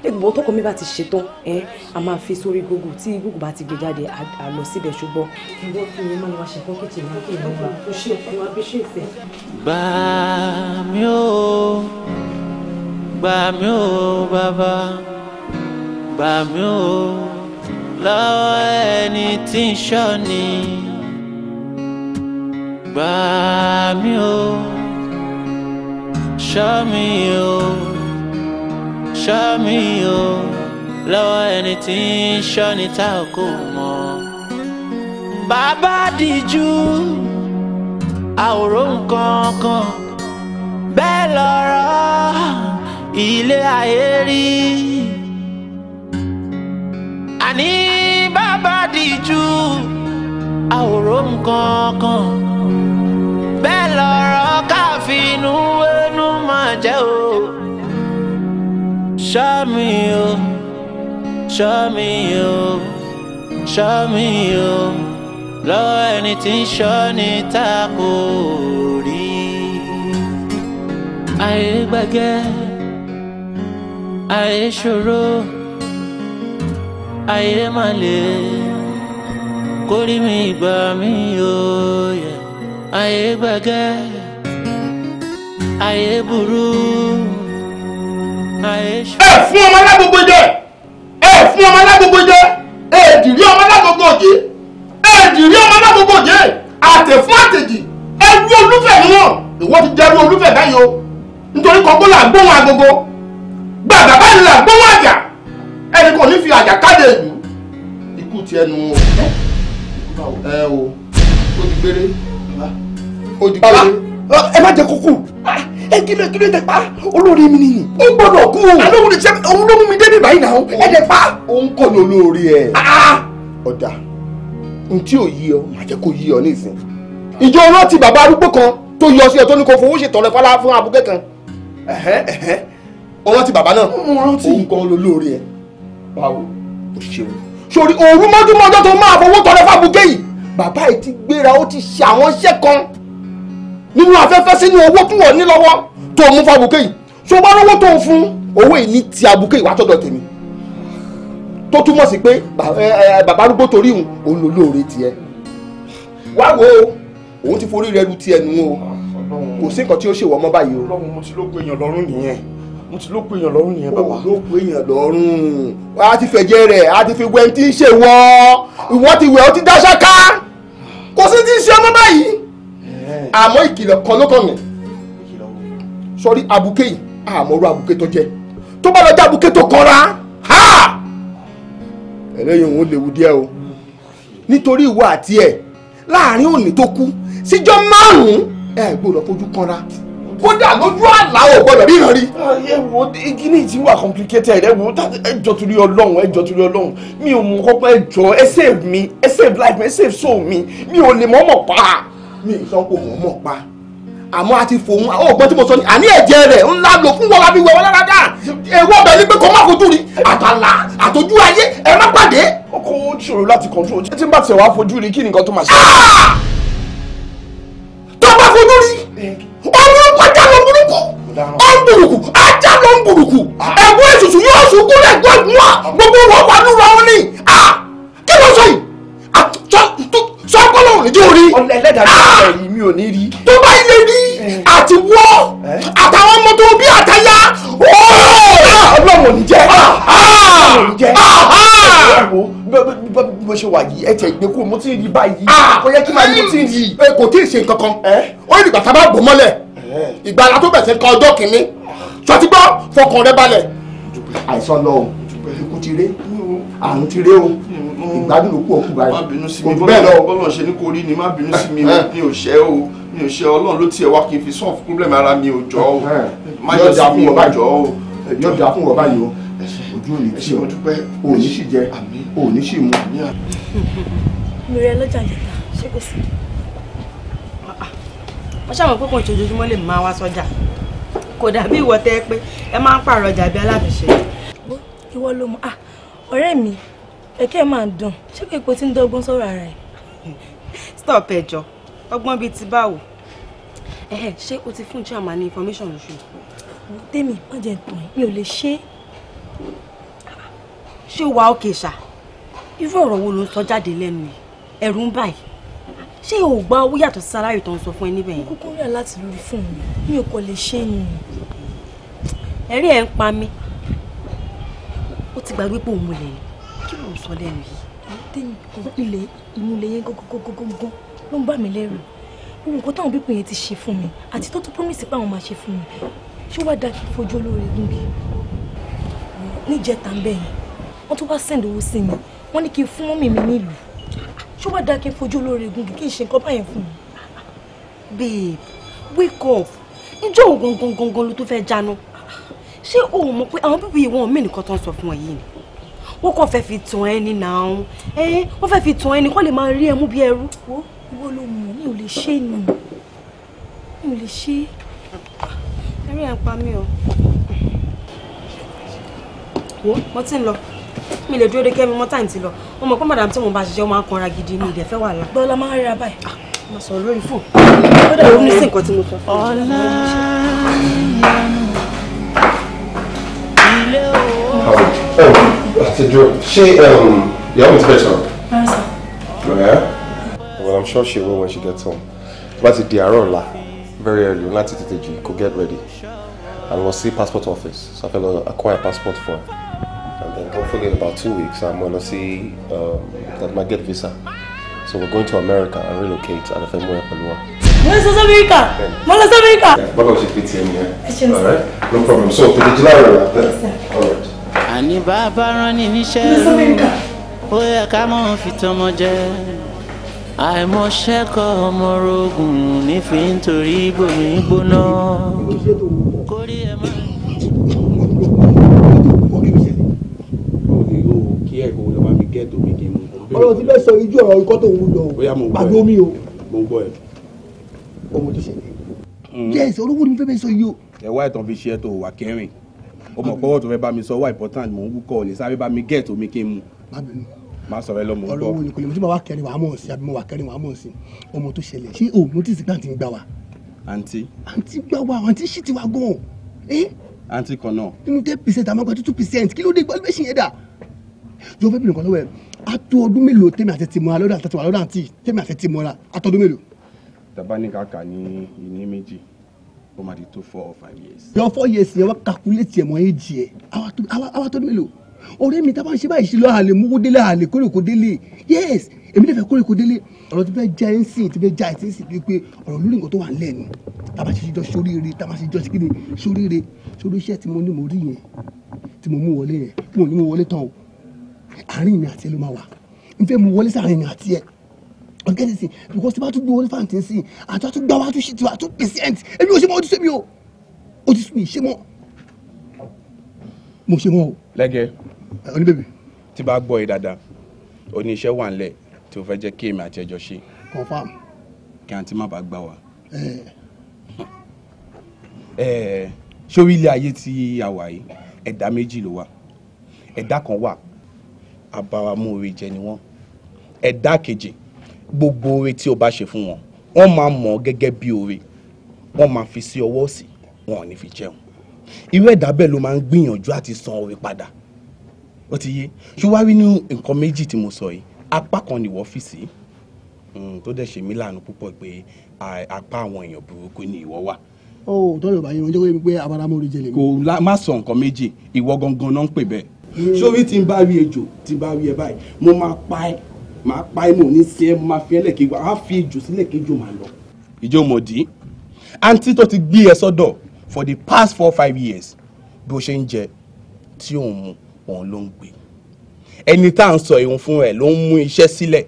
gbogbo tọkọ mi bá ti ṣetán ẹ a máa fi sórí Google tí Google bá ti gbé jáde a lọ síbẹ̀ ṣùgbọ́n. ìwọ fi mi máa wá ṣe pọ́kìtì náà kí n lọ́wọ́ kó ṣe òfin wa bí ṣe ìfẹ́. gbà mí o gbà mí o bàbá gbà mí o lọ́wọ́ ẹni tí ń ṣọ́ ni gbà mí o ṣọ́ mi o ṣọ́ mi o lọ́wọ́ ẹni tí ń ṣọ́ ni tá a kò mọ̀ bàbá díjú àwòrán kankan bẹ́ẹ̀ lọ́rọ̀ ilé bẹ́ẹ̀ lọ̀rọ̀ káfínú ẹnu máa jẹ́ o ṣọ́ mi o ṣọ́ mi o ṣọ́ mi o lọ́wọ́ ẹni tí ń ṣọ́ ni tá a kò rí ayé gbàgẹ́ ayé ṣòro ayé má le kórìí mi gbà mí o yẹ. anyị egbaga anyị buru anyị. ẹ fún ọmọ alágbogbo jẹ ẹ fun ọmọ alágbogbo jẹ ẹ dìrí ọmọ alágbogbo jẹ ẹ dìrí ọmọ alágbogbo jẹ àtẹ̀fún àtẹ̀jì ẹrú olúfẹ̀ ni ìwọ ti jẹ́rú olúfẹ̀ báyìí o nítorí kọ́kọ́ là ń gbóhùn agogo gbàgbà báyìí là ń gbóhùn àjà ẹni kò ní fi àjà o o ó ti bàbá ẹ má jẹ kókó ẹ kílẹ̀ kílẹ̀ tẹ pa olórí mi nìyí. ó gbọ́dọ̀ kú. alóhùn ṣe òun ló mú mi débi báyìí náà ẹ tẹ pa. òun kọ́ ni olórí ẹ. Ah, ah, ah. ọ̀dà n tí ò yí ọ màá jẹ́ kó yí ọ nísìn. ìjọ rántí bàbá arúgbó kan tó yọ sí ọ tó ní kó fowó ṣètọrẹ fọlá fún abúgẹ́ kan. ọ rántí bàbá náà òun kọ́ olórí ẹ. báwo o ṣeun. sori òru mọ́júmọ́jọ́ tó máa fowó tọrẹ fún abúgẹ́ yìí bàbá yìí ti gbéra ó nínú afẹ́fẹ́ sínú owó tí wọ́n ní lọ́wọ́ tó mú fún abuké yìí tó bá lọ́wọ́ tó fún owó yìí ní ti abuké yìí wá tọ́dọ̀ tèmi tó túmọ̀ sí pé bàbá arúgbó torí òun òun ló lóore tiẹ̀ wá wo òun ti forí rẹ lu tiẹ̀ nù o kò sí nǹkan tí ó ṣèwọ́ mọ́ báyìí o. ọlọ́run mo ti ló pé èèyàn lọ́rùn nìyẹn mo ti ló pé èèyàn lọ́rùn yẹn bàbá. ó ló pé èèyàn lọ́rùn a ti fẹ̀jẹ̀ rẹ̀ a ti fi wẹ́n tí ń ṣe wọ́ ìwọ́ ti wẹ̀ ó ti dá ṣáká kò sí ti ṣe ọmọ báyìí àmọ́ ìkìlọ̀ kan ló kàn mí sọrí abuké yìí àmọ́rú abuké tó jẹ tó bá lọ jẹ́ abuké tó kanra ha ẹlẹ́yìn òun léwu díẹ̀ o nítorí ìwọ àti ẹ̀ láàrin òní tó kú síjọ́ márùn-ún ẹ gbọ́dọ̀ fojú kanra kódà lójú àlá ò gbọ́dọ̀ bí ìrànrí. ẹ wo igi ní ìtí wà complicated ẹ wo ẹjọ torí Ọlọ́run ẹjọ torí Ọlọ́run mi ò mú kọpẹ ẹjọ ẹ save mi ẹ save life mi ẹ save soul mi mi ò lè mọ ọmọ pa mi ì sọ́kò mọ̀ mọ̀ pa àmọ́ a ti fòun ọgbọ́n tí mo sọ ni àní ẹ̀jẹ̀ rẹ̀ ńlá lò fún wọn àbí wẹ̀ wọn lára dáa ewu ọbẹ̀ ni pé kò má fojú rí àtàlà àtọ́jú ayé ẹ má pàdé. ó kó ṣòro láti control tí n bá tiẹ̀ wá fojú rí kí nìkan tó máa ṣe. Ah! tó bá fojú rí ọ̀run kọjá lọ burúkú ọ̀n burúkú ajá lọ burúkú ah! ẹ̀gbọ́n ètùtù yóò sunkún lẹ́gbọ́n ìgbọ́n ah! gbogbo wọn wà nínú wọn ni kí ló sọ yìí sọ́kọ́lọ́ òní jó rí. tó bá ilé rí eh. àti wọ́ eh? àtàwọn ọmọ bí àtàyà ah! ọlọ́run ò ah! ah! eh, bó ṣe wà yìí ẹ tẹ ìgbé kú mo ti rí báyìí kò yẹ kí n máa rí mo ti rí. kò tí ì ṣe nǹkan ó ní ìgbà tá bá gbò mọ́lẹ̀ ìgbà tó bẹ̀ kan ọjọ́ kìíní sọtí fọkàn rẹ balẹ̀. àìsàn lọ o ikú ti ré mm. àrùn ti ré o mm ìgbádùn ló kú báyìí má bẹ́ẹ̀ lọ bọ́lọ̀ ṣe ní kò rí ni má bínú sí mi mi ò ṣẹ̀ o mi ò ṣẹ̀ ọlọ́run ló tiẹ̀ wá kí n fi sọ́ọ̀fù problem ara mi ò jọ o má jọ sí mi ò jọ o. yóò dáa fún wọn báyìí o ojú òní tí o òní sì jẹ òní sì mu. mi rẹ lọ́jà ìjẹta ṣé kò sí. wọ́n ṣàwọn pé kàn ṣojoojúmọ́ lè máa wá sọ́jà kò dàbí ìwọ tẹ́ pé ẹ máa ń pààrọ̀ ọjà bí alábìṣe. ìwọ ló mọ ah, ọ̀rẹ́ mi ẹ̀kẹ́ máa ń dùn ṣé pé ipò tí ń dọ́gbọ́n sọ̀rọ̀ ara ẹ̀. stop ẹjọ ọgbọ́n bíi ti báwo ṣé o ti fún chairman ní information lóṣù. tèmi má jẹ tàn mi ò lè ṣe é. ṣé wàá òkè ṣá irú ọ̀rọ̀ wo ló ń sọ jáde lẹ́nu yìí ẹ̀rù ń báyìí ṣé o gba owó yàtọ̀ sí sálárì tó ń sọ fún ẹ níbẹ̀ yẹn. kúkú rẹ̀ láti lórí fún mi mi ò kò lè ṣe é yìí. ẹ̀rí ẹ̀ ń pa mí ó ti gbàgbé pé òun lè yìí kí ló ń sọ lẹ́nu yìí tẹ́yìn ilẹ̀ inú ilé yẹn gógógógógó ló ń bà mí lẹ́rù gbogbo nǹkan táwọn pípọ̀ yẹn ti ṣe fún mi àti tó tún promise pé àwọn máa ṣe fún mi ṣé wàá dáa kí n fojú olóore gúngi níjẹta ń bẹ̀ yẹn wọ́n tún wá send owó sí mi wọ́n ní kí n fún mọ́mì mi nílùú ṣé wàá dáa kí n fojú olóore gúngi kí n babe wake up ǹjọ́ òun gangan gangan ló tó fẹ́ jáná ṣé òun mọ̀ pé àwọn bíbí ìwọ̀n mí nìkan tó ń sọ fún ọ yìí wọ́n kàn fẹ́ fi tàn ẹ́ ní nàá ẹ́ wọ́n fẹ́ fi tàn ẹ́ ní kọ́ lè máa rí ẹ mú bí ẹrú. wo ìwọ ló mọ mi ò lè ṣe ni mi ò lè ṣe ẹrí ẹ̀ ń pa mí o. wo mo ti ń lọ mi lè dúró de kẹ́mi mọ́ táyì ti lọ mo mọ̀ pé madam tí mo bá ṣiṣẹ́ ó máa ń kanra gidi ni ìdẹ̀fẹ́ wà lá. bọ́lá máa ń ríra báyìí. Ah, mo sọ̀rọ̀ lórí fóònù ó dẹ̀ ronú sí nǹkan tí mo sọ fún ọ̀la ìyanu ilé òwò she, um, you have me to bed, sir? Yes, oh, Yeah? Well, I'm sure she will when she gets home. But it's the Arola, very early, not TTG, could get ready. And we'll see passport office, so I can acquire passport for her. And then hopefully in about two weeks, I'm going to see um, that might get visa. So we're going to America and relocate at Efemuya Palua. Where's South America? Where's South America? Yeah, but she fits in here. All right, no problem. So, to the July, yes, sir. All right àní bàbá rán ni níṣẹ́ rú ó yẹ ká mọ̀ ń fi tọmọ jẹ àìmọ̀ṣẹ́kọ̀ ọmọ ogun nífi nítorí bòmí gbóná kórí ẹ má. ọ̀rọ̀ tí bẹ́ẹ̀ sọ ijú ọ̀rọ̀ ikọ́ tó wù lọ gbàgbé omi o. mo gbọ́ ẹ. ọmọ tó ṣẹlẹ̀. Mm. yẹ́sì olówó ni mo fẹ́ bẹ́ẹ̀ sọ yìí o. ẹ̀wá ìtàn fi ṣe é tó wà kẹrin. O mọ̀ pọ́wọ́ tó fẹ́ bá mi sọ wá important mò ń wúkọ́ ò lè sáré bá mi gẹ̀ẹ́tì omi kí n mu. má sọ̀rọ̀ ẹ lọ mò ń bọ̀. ọlọ́run ni kò lè mú tí mo wá kẹrin wàá mọ̀ sí àbí mo wà kẹrin wàá mọ̀ sí ọmọ tó ṣẹlẹ̀ ṣé o notice pé àǹtí ń gbà wá. àǹtí. àǹtí gbà wá àǹtí ṣì ti wá gan-an. Eh? àǹtí kan náà. inú ten percent àmọ́ gba two percent kí ló dé gbọ́dọ̀ bẹ́ẹ̀ ṣì yẹn dà. jọ fẹ́ bìnrin kan lọ́wọ́ ẹ̀ á tó ọdún mélòó tèmi àti tìmọ́ra lọ́dọ̀ àti tìmọ́ra lọ́dọ̀ àǹtí tèmi àti tìmọ́ra á tọdún mélòó. tàbá ní kàkà ní ìní méjì ó máa di tó four or five years. lọ four years yẹn wá calculate ẹ̀ mọ́ èjì ẹ̀ àwa tó mélòó ọ̀rẹ́ mi tá ń ṣe báyìí ṣe lọ àlè mú délé àlè kórèkó délé yes èmi lè fẹ́ kórèkó délé ọ̀rọ̀ tó fẹ́ já ẹ̀ ń sìn tó fẹ́ já ẹ̀ tí ń sìn bíi pé ọ̀rọ̀ lórí nǹkan tó wà nílẹ̀ ni ṣe jọ sóríire tá ṣe jọ síkìlì sóríire sórí iṣẹ́ tí mo ní mo rí yẹn tí mo mú wọlé yẹn mo ní mo wọlé tán o àárín mi àti ẹ ló máa wà n fẹ́ mo wọlé sáàárín mi àti ẹ ọ̀gẹ́dẹ̀ sí because tí bá tún gbé wọn ní fàǹtì sí i àti àtún gbá wa tún ṣe tiwa tún percent èmi ò ṣe mọ́ ó ti sẹ́mi o ó ti sùn mí ṣe mọ́ mo ṣe mọ́ o. lẹ́gẹ̀ẹ́ oníbèbè. tí bá gbọ́ ẹ dáadáa oníṣẹ́ wà ńlẹ̀ tí o fẹ́ jẹ́ kí èmi àti ẹjọ́ ṣe. confam. kí àǹtí má bàa gbà wá. ṣé ayé tí a yìí ẹ̀dá méjì ló wà ẹ̀dá kan wà àbáwámú jẹ ni wọ́n ẹ̀dá kejì gbogbo oore tí o bá ṣe fún wọn wọ́n máa mọ̀ ọ́ gẹ́gẹ́ bí oore wọ́n máa fi sí ọwọ́ òsì wọn ò ní fi jẹun irú ẹ̀dá bẹ́ẹ̀ ló máa ń gbìyànjú àti san oore padà ó ti yé ṣùgbọ́n rí ní nǹkan méjì tí mo sọ yìí apá kan ni ìwọ fi sí hmm, tó dẹ̀ ṣe mí láàánú púpọ̀ pé apá àwọn èèyàn burúkú ni ìwọ wà. ó tọ́lẹ̀ bàbá yẹn wọ́n jẹ́ pé abala mo rí jẹ lèmi. kò má sọ nǹkan méjì ìwọ gangan náà ń pè bẹ́ẹ̀ sórí hmm. tí n bá rí ejò tí n bá rí ẹ báyìí mo máa pa ẹ́ máa pa ẹ́ mò ní sí ẹ́ máa fi ẹlẹ́kejì wá á fi ìjò sílẹ̀ kejì máa lọ. ìjọ mọ̀dí àǹtí tó ti gbé ẹ sọ́dọ̀ for the past four five years bí ó ṣe ń jẹ tí òun mu òun ló ń gbé ẹni tá à ń sọ ìhun fún ẹ ló ń mú iṣẹ́ sílẹ̀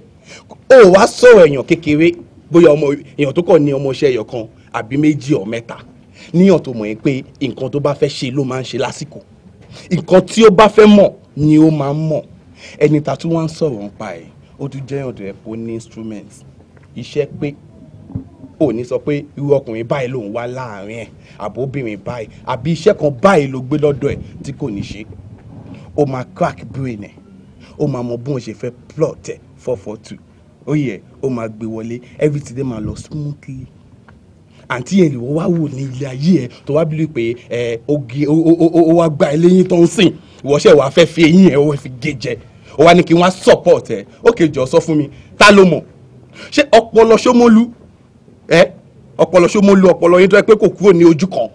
ó wá sọ̀rọ̀ èèyàn kékeré bóyá ọmọ èèyàn tó kàn ní ọmọọṣẹ́ ẹyọ kan àbí méjì ọ̀ mẹ́ta níyàn tó mọ̀ ẹ́ pé nǹkan tó bá fẹ́ ṣe ló máa ń ṣe lásìkò nǹkan tí ó bá fẹ́ mọ̀ ni ó máa ń mọ̀ ẹni tá a tún wá ń sọ̀rọ̀ ń pa ẹ̀ ó tún jẹ́ ọ̀dọ̀ ẹ̀ kó ní instrument iṣẹ́ pé ò ní sọ pé irú ọkùnrin báyìí lòun wá láàrin ẹ̀ àbóbìnrin báyìí àbí iṣẹ́ kan báyìí ló gbé lọ́dọ̀ ẹ̀ tí kò ní ṣe ó máa crack brain ẹ̀ ó máa mọ bóun ṣe fẹ́ plot ẹ̀ four four two ó yẹ ó máa gbé wọlé everything dey máa lọ smoothly àǹtí yẹn ló wá wò ní ilé ayé ẹ tó wá bílí pé ẹ ó wá gba eléyìí tó ń sìn ìwọ́ṣẹ́ wàá fẹ́ fi eyín ẹ ó fẹ́ fi gé jẹ ó wá ní kí wọ́n á support ẹ̀ ókè jọ sọ fún mi ta ló mọ̀ ṣé ọpọlọ ṣómólú ẹ ọpọlọ ṣómólú ọpọlọ yín tó yẹ pé kò kúrò ní ojú kan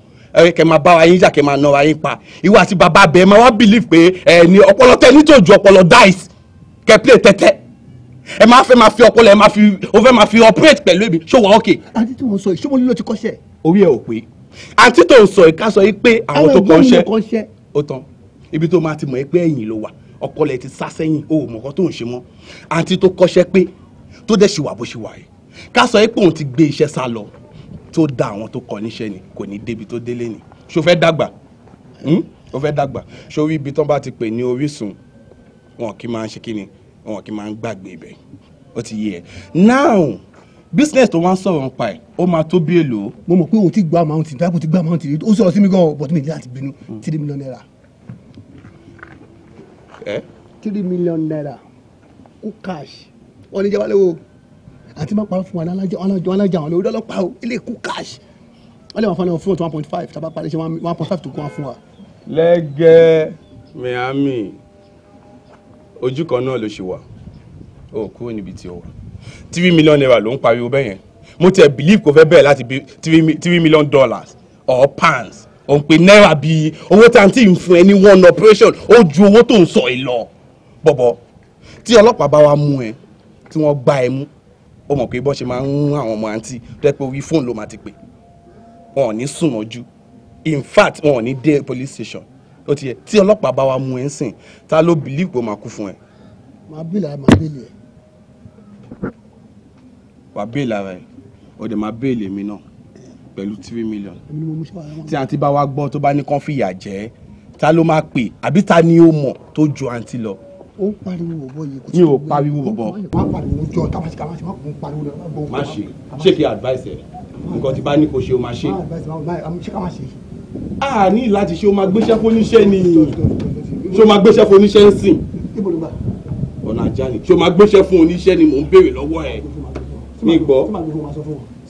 ẹ kẹ máa bá wa yín jà kẹ máa ná wa yín pa ìwà àti bàbá bẹ́ẹ̀ máa wá believe pé ẹ ní ọpọlọ tẹ ní tòjú ọpọlọ dice kẹ play tẹ́tẹ́ ẹ máa fẹ́ máa fi ọpọlọ ẹ máa fi o fẹ́ máa fi operate pẹ̀lú èmi ṣó wà ókè. àti tí mo sọ ìṣómọlú ló ti kọ́ṣẹ́. orí ẹ ò pé àti tó ń sọ ìka sọ yìí pé àwọn tó kọ́ṣẹ́ ó tán ibi tó máa ti mọ̀ ẹ pé ẹ̀yìn ló wà ọpọlọ ẹ ti sá sẹ́yìn o ò mọ̀kọ́ tó ń ṣe mọ́ àǹtí tó kọ́ṣẹ́ pé tó dẹ̀ ṣì wà bó ṣe wà yìí ká sọ pé òun ti gbé iṣẹ́ sá lọ tó da àwọn tó kọ níṣẹ́ ni kò ní débi tó délé ni ṣó fẹ́ dàgbà hmm? ó fẹ́ dàgbà ṣó wí ibi tán bá ti pè ní orísun wọn kì máa ń ṣe kíni wọn kì máa ń gbàgbé ibẹ̀ ó ti yé ẹ now business tó wá ń sọ̀rọ̀ nípa ẹ̀ ó máa tó bí èlò. mo mọ̀ pé òun ti gba amount tábù ti gba amount ó sọ̀rọ̀ sí mi gan-an but mi ní bínú three million naira. Eh? three million naira kú cash wọ́n ní jábálẹ̀ wo àti má parọ́ fún wa alájà alájà àwọn olórí ọlọ́pàá o ilé kú cash wọ́n lè wọ́n fún wa fún one point five tàbá parí ṣe one point five tó kún wa fún wa. lẹ́gẹ́ miami ojú kan náà ló ṣe wà ó kúrò níbi tí ó wà three million naira ló ń pariwo bẹ́yẹn mo tiẹ̀ believe kò fẹ́ bẹ́ẹ̀ láti three million dollars or pounds ò ń pe náírà bíi owó tí àǹtí ń fún ẹ ní one operation ó ju owó tó ń sọ ẹ lọ bọ̀bọ̀ tí ọlọ́pàá bá wa mú ẹ tí wọ́n gbá ẹ mú ó mọ̀ pé bọ́ ṣe máa ń rún àwọn ọmọ àǹtí tó orí fóònù ló máa ti pè wọn ò ní sùn mọ́jú in fact wọn ò ní dé police station ó ti yẹ tí ọlọ́pàá bá wa mú ẹ ń sìn ta ló bìlíì pé ó máa kú fún ẹ. màá bìlà màá bèlè ẹ. wàá bèlè ara ẹ ó dẹ̀ máa mi náà pẹ̀lú three million tí àǹtí bá wá gbọ́ tó bá ní kán fìyà jẹ ta ló máa pè àbí ta ni ó mọ̀ tó ju àǹtí lọ. ó pariwo bọ̀bọ̀ yìí kò tí ò pariwo bọ̀bọ̀. má pariwo jọ tàbátí ká má ṣe má kún pariwo rẹ má bọ̀. má ṣe ṣé kí advice ẹ nǹkan tí bá ní kò ṣe o má ṣe. a ní láti ṣe o máa gbéṣẹ́ fóníṣẹ́ ni ṣé o máa gbéṣẹ́ fóníṣẹ́ ń sìn ọ̀nà ajá ni ṣé o máa gbéṣẹ́ fún oníṣẹ́ ni mò ń béèrè lọ́wọ́ ẹ̀ mi gbọ́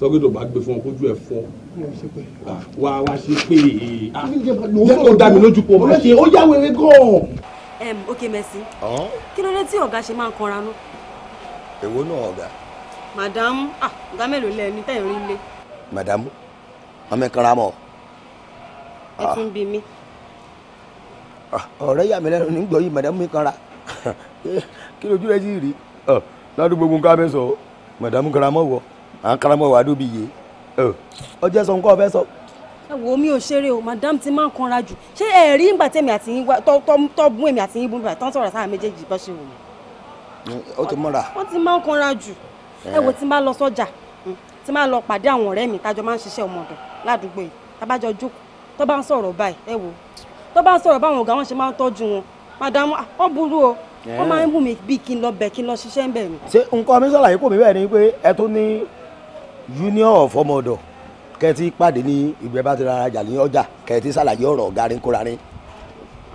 sọ́gbẹ́dọ̀ bá gbé fún ọ kójú ẹ̀ fọ́ wà wá ṣe pé lẹ́kọ̀ọ́ dá mi lójú pọ̀ mọ́ ṣe ó yá wẹ̀rẹ̀ gan-an. ok Mercy kí ló dé tí ọ̀gá ṣe máa ń kanra nú. èwo náà ọ̀gá. màdàmú ọ̀gá mélòó lẹ ní tẹ̀yìn rí lé. màdàmú ọmọ ẹ kanra mọ́. ẹ tún bí mi. ọ̀rẹ́ yà mí lẹ́nu nígbọ̀ yìí màdàmú mi kanra kí lójú rẹ sì rí ládùúgbò gbogbo màdàmú kanra mọ́ wọ à ń karamọ́ wàá dóbi yé ọjọ́ sọ nǹkan ọ̀fẹ́ sọ. ẹ wo mi ò ṣeré o Madame ti máa ń kanra jù ṣé ẹ rí ìgbà tẹ̀mí àti yín tọ́ bún èmi àti yín bún bàbá tán sọ̀rọ̀ sáà méjèèjì bá ṣe wò mí. ó ti mọ́ra. wọ́n ti máa ń kanra jù ẹ wo tí n bá lọ sọ́jà hmm, tí n bá lọ pàdé àwọn ọ̀rẹ́ mi tájọ máa ń ṣiṣẹ́ ọmọdé ládùúgbò yìí tábàjọ jókòó tó bá ń sọ̀rọ̀ báyìí ẹ wo tó bá ń sọ̀rọ̀ báwọn ọ̀gá wọn ṣe máa ń tọ́jú wọn madam ah, wọ́n burú o wọ́n máa ń union of ọmọdọ kẹtí pàdé ní ìgbẹ́ bá ti ra ajá ní ọjà kẹtí ṣàlàyé ọ̀rọ̀ ọ̀gá rẹ̀ kóra rẹ̀.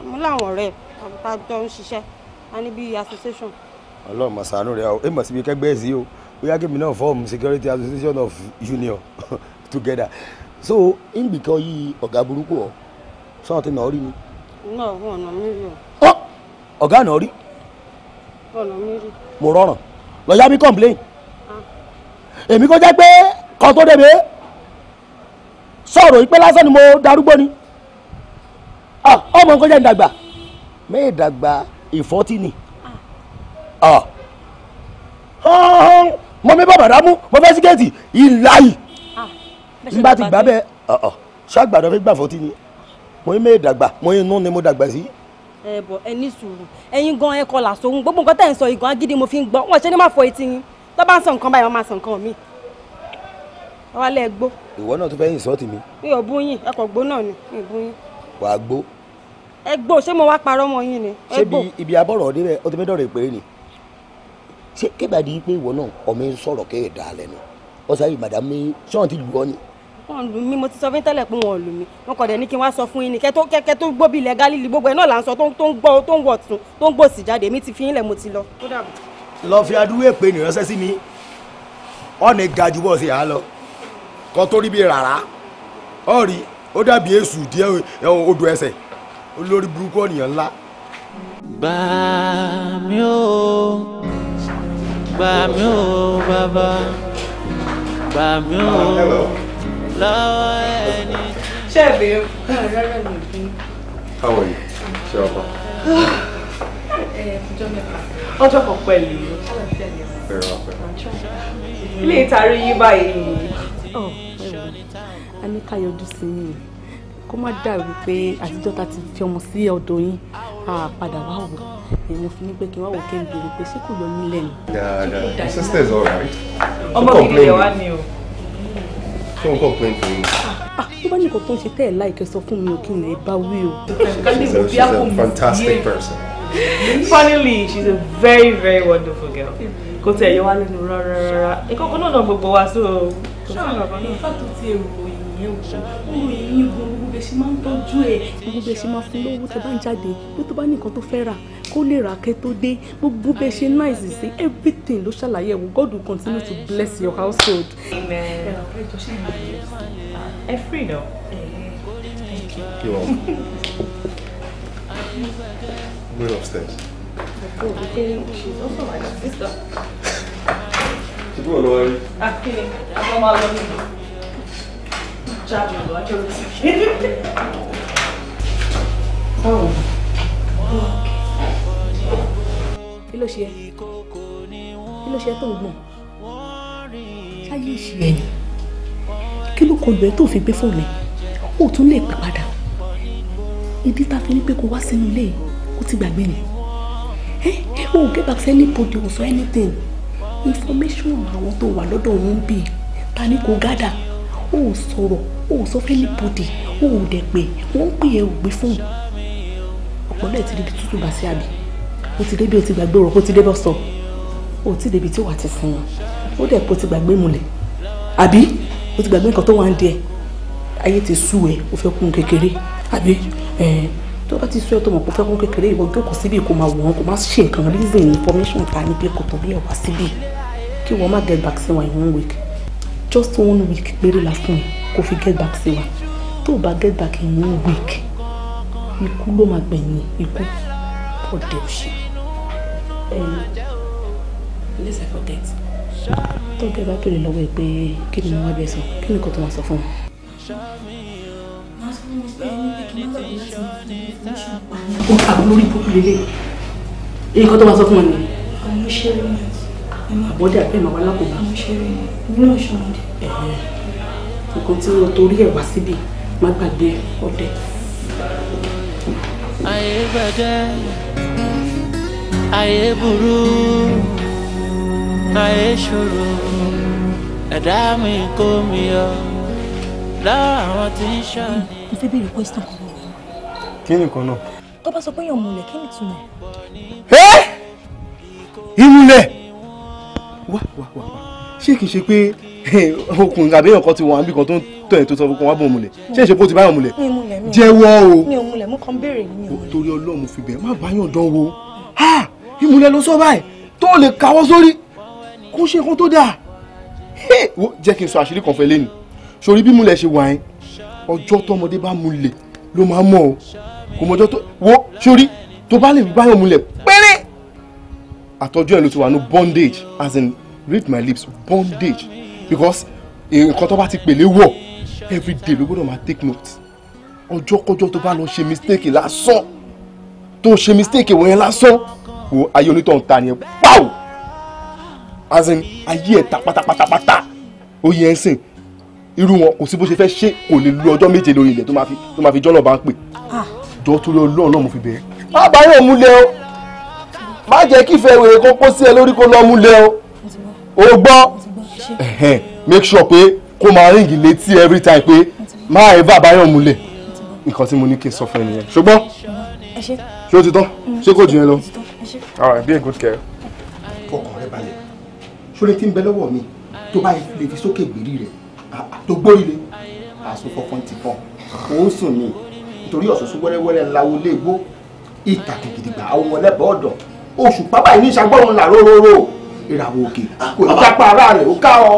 mo láwọn ọ̀rẹ́ àbúta jọ ń ṣiṣẹ́ a ní bíi association. ọlọ́run màsánù rẹ o èèmọ̀ síbi kẹgbẹ́ èsì o bóyá kí mi náà form security association of union together so ìgbì kan yí ọ̀gá burúkú ọ sọ́nà tí náà nà mí rí o. ọ̀gá náà rí. wọn ò nà mí rí. mo rọrùn lọ mi complain èmi kò jẹ́ pé kan tó débi sọ̀rọ̀ yìí pé lásán ni mo darúgbó ni ọmọ nǹkan jẹ́ ìdàgbà mẹ́ẹ̀ dàgbà ìfọ́tí ni mo mi bá bàdá mú mo fẹ́ síkẹ́ẹ̀tì ìlàyì n bá ti gbà bẹ́ẹ̀ ṣàgbàdo fi gbà fọ́tí ni mo ní mẹ́ẹ̀ dàgbà mo ní inú ni mo dàgbà sí. ẹ bọ ẹ ní sùúrù ẹ̀yin gan ẹ kọlà sóhun gbogbo nǹkan tẹ̀ ń sọ ìgàn agídí mo fi ń gbọ́ wọn ṣe ni má fọ etí yín tó bá ń sọ nǹkan báyìí wọ́n máa sọ nǹkan mi wọ́n á lẹ́ gbó. ìwọ náà tó fẹ́ yìn sọ́ọ̀tì mi. mi ò bú yín ẹkọ̀ gbó náà ni mi ò bú yín. wà á gbó. ẹ gbó ṣé mo wá parọ́ mọ́ yín ni. ṣé bí ibi abọ́rọ̀ ọdẹ rẹ ó ti fẹ́ dọ̀rọ̀ ìpèrè ni. ṣé kébàdí pé ìwọ náà ọmọ ń sọ̀rọ̀ kéè dá lẹ́nu ọ̀sán yìí màdàm mi ṣọ́ọ̀n ti lù ọ́ ni. wọn lù mí mo ti sọ fún tẹ́lẹ̀ pé wọn lù mí wọn kọ̀ dẹ̀ ní kí n wá sọ fún yín ni kẹ́kẹ́ tó gbóbi ilẹ̀ Gálílì gbogbo ẹ̀ náà là ń sọ tó ń gbọ́ tó ń wọ̀ tún tó ń gbòsì jáde mi ti fi yín lẹ̀ mo ti lọ. ó dàbọ̀ lọ fi adúwé pé nìránṣẹ́ sí mi ọ̀nà ga jù bọ́ọ̀sì yà á lọ kọ́ tó rí bí rárá ọ̀rí ó dàbí èṣù díẹ̀ odò ẹsẹ̀ olórí burúkú ọ̀nìyàn ńlá. gbà mí o gbà mí o bàbá gbà mí o lọ́wọ́ ẹni. ṣé ẹ bèrè fún ọ̀rọ̀ rẹ̀ mi bí. báwo ni ṣé ọkọ. ẹ ẹ ọjọ́ mẹ́ta ọjọ́ kan pẹ̀lú ilé ìtarí yín báyìí ni. Oh, a ní sí yín kó má dàrú pé àtijọ́ ta ti fi ọmọ sí ọ̀dọ̀ yín padà wá wò ẹ̀ fi ní pé kí wá wò kí n béèrè pé ṣé kò yọ mí lẹ́nu. alright. ọmọ gidi wá ni o. kí n complain fún yín. Ah, tó bá ní nǹkan tó ń ṣe tẹ́ ẹ̀ láìkẹ́ sọ fún mi ò kí n lè bá wí o. she's a she's a fantastic person. Finally, she's a very very wonderful girl kò tẹ̀ yẹ wá lẹ́nu rárá rárá ìkọ̀kọ̀ náà náà gbogbo wa so. ṣáàtò tí èrò ìyẹn wò ó ìyẹn gan gbogbo bẹ ṣe máa ń tọ́jú ẹ̀. gbogbo bẹ ṣe máa fún lówó tó bá ń jáde bí tó bá ní nǹkan tó fẹ́ rà kó lè rà kẹ́ tó dé gbogbo bẹ ṣe nice sí everything ló ṣàlàyé ẹ̀wò God will continue to bless your household. ẹ free náà. Move upstairs. She's also my sister. She's going to worry. Actually, I'm not my Jáde lọ, ajọ́ ló ti ṣe. Báwo? Kí ló ṣe ẹ́? Kí ló ṣe ẹ́ tó ń gbọ̀n? Ṣáyé ìṣe ẹ̀ ni. Kí ló kọlù ẹ́ tó fi gbé fóònù ẹ̀? O tún lè pè padà. ta fi ní pé kó wá sínú ilé yìí ó ti gbàgbé ni ó ò get back to anybody or anything information àwọn tó wà lọ́dọ̀ òun bì ta ni kò gádà ó ò sọ̀rọ̀ ó ò sọ fún anybody ó ò dẹ̀ pé wọ́n ń pè é ò gbé fóun ọ̀pọ̀lọ́ ẹ̀ ti débi tútù bá sí àbí ó ti débi ó ti gbàgbé òrò ó ti débọ̀ sọ ó ti débi tí ó wà ti sìn ó dẹ̀ pé ó ti gbàgbé mulẹ̀ àbí ó ti gbàgbé nǹkan tó wà ń di ẹ̀ ayé ti sú ẹ ó fẹ́ kún kékeré àbí tó bá ti sọ ẹ tó mọ̀ pé fẹ́ kékeré ìwọ jókòó síbi kó máa wọ̀n kó máa ṣe nǹkan reason information ta ni pé kò torí ẹ̀ wá síbi kí wọ́n má get back sí wa in one week just one week péré la fún ẹ kó fi get back sí wa tó o bá get back in one week ikú ló máa gbẹ̀yìn ikú ọ̀dẹ̀ òṣì let's not forget tó bẹ́ẹ̀ bá pèrè lọ́wọ́ ẹ pé kí ni wọ́n bẹ sọ kí ni kò tó máa sọ fún wọn ó kà lórí bókú lélẹ̀ èyí kan tó máa sọ fún ọ ni. àbọ̀dé àbẹ́ màmá lákòóbá. nǹkan tí wọ́n torí ẹ̀ wá síbi má gbàgbé ọdẹ. ayé bẹ̀dẹ̀ ayé burú ayé ṣòro ẹ̀dá mi kó mi yọ láwọn tí ń ṣọ́ ni fẹ́ béèrè question kan lọ́wọ́ yín. kí ni kan náà. tó bá sọ pé èèyàn múlẹ̀ kí ni ìtumọ̀ ẹ̀. ẹ́ ìmúlẹ̀ wá wá wá wá ṣé kìí ṣe pé eh, okùn tàbí èèyàn ti wọ̀ àbí tó ń tọ̀ ẹ̀ tó sọ fún wa bò múlẹ̀ ṣé ìṣe pé ó ti báyọ̀ múlẹ̀ jẹ́wọ́ o mi ò múlẹ̀ mo kàn béèrè mi ò múlẹ̀ torí Ọlọ́run fi bẹ̀ má báyọ̀ dán wo ìmúlẹ̀ ló sọ báyìí tó lè káwọ́ sórí kó ṣe kan tó dáa jẹ́ kí n sọ àṣírí kan ọjọ́ tọmọdé bá múlẹ̀ ló máa mọ̀ o kò mọjọ́ tó wo sórí tó bá lè fi báyọ̀ múlẹ̀ péré àtọ́jú ẹ̀ ló ti wà ní bondage as in read my lips bondage because nǹkan tó bá ti pèlè wọ̀ everyday ló gbọ́dọ̀ máa take note ọjọ́kọ́jọ́ tó bá lọ ṣe mistake lásán tó ṣe mistake wọ̀nyẹn lásán wo ayé onítọ̀hún ta ni ẹ pàwọ́ as in ayé ẹ̀ ta pátápátápátá ó yẹ ẹ́ sìn irú wọn kò sí bó ṣe fẹ́ ṣe kò lè lu ọjọ́ méje lórí ilẹ̀ tó máa fi tó máa fi jọ́nà bá ń pè ah. jọ torí ọlọ́run náà mo fi bẹ̀ẹ́. má bá múlẹ̀ o má jẹ́ kí ìfẹ́ wèrè kó kó sí ẹ lórí kó lọ múlẹ̀ o o gbọ́ make sure pé kó máa ríǹgì létí every time pé má ẹ bá bá yóò múlẹ̀ nǹkan tí mo ní kí n sọ fún ẹ ṣùgbọ́n ṣé o ti tán mm. ṣé kò jù yẹn lọ. all be good girl. fọkàn rẹ balẹ̀ ṣó lè ti mi tó bá lè fi tó gbóríire àsun fọfọn ti pọ̀ ó sùn nítorí ọ̀sọ̀sọ wẹ́rẹ́wẹ́rẹ́ ńlá wo lé gbó ìtàkùn gidigba àwọn ọmọ ẹlẹ́bọ̀ ọ̀dọ̀ oṣù pápá yìí ní ìṣàgbọ́rùn là róróró ìràwọ̀ òkè kò ní kápá ara rẹ̀ ó ká ọ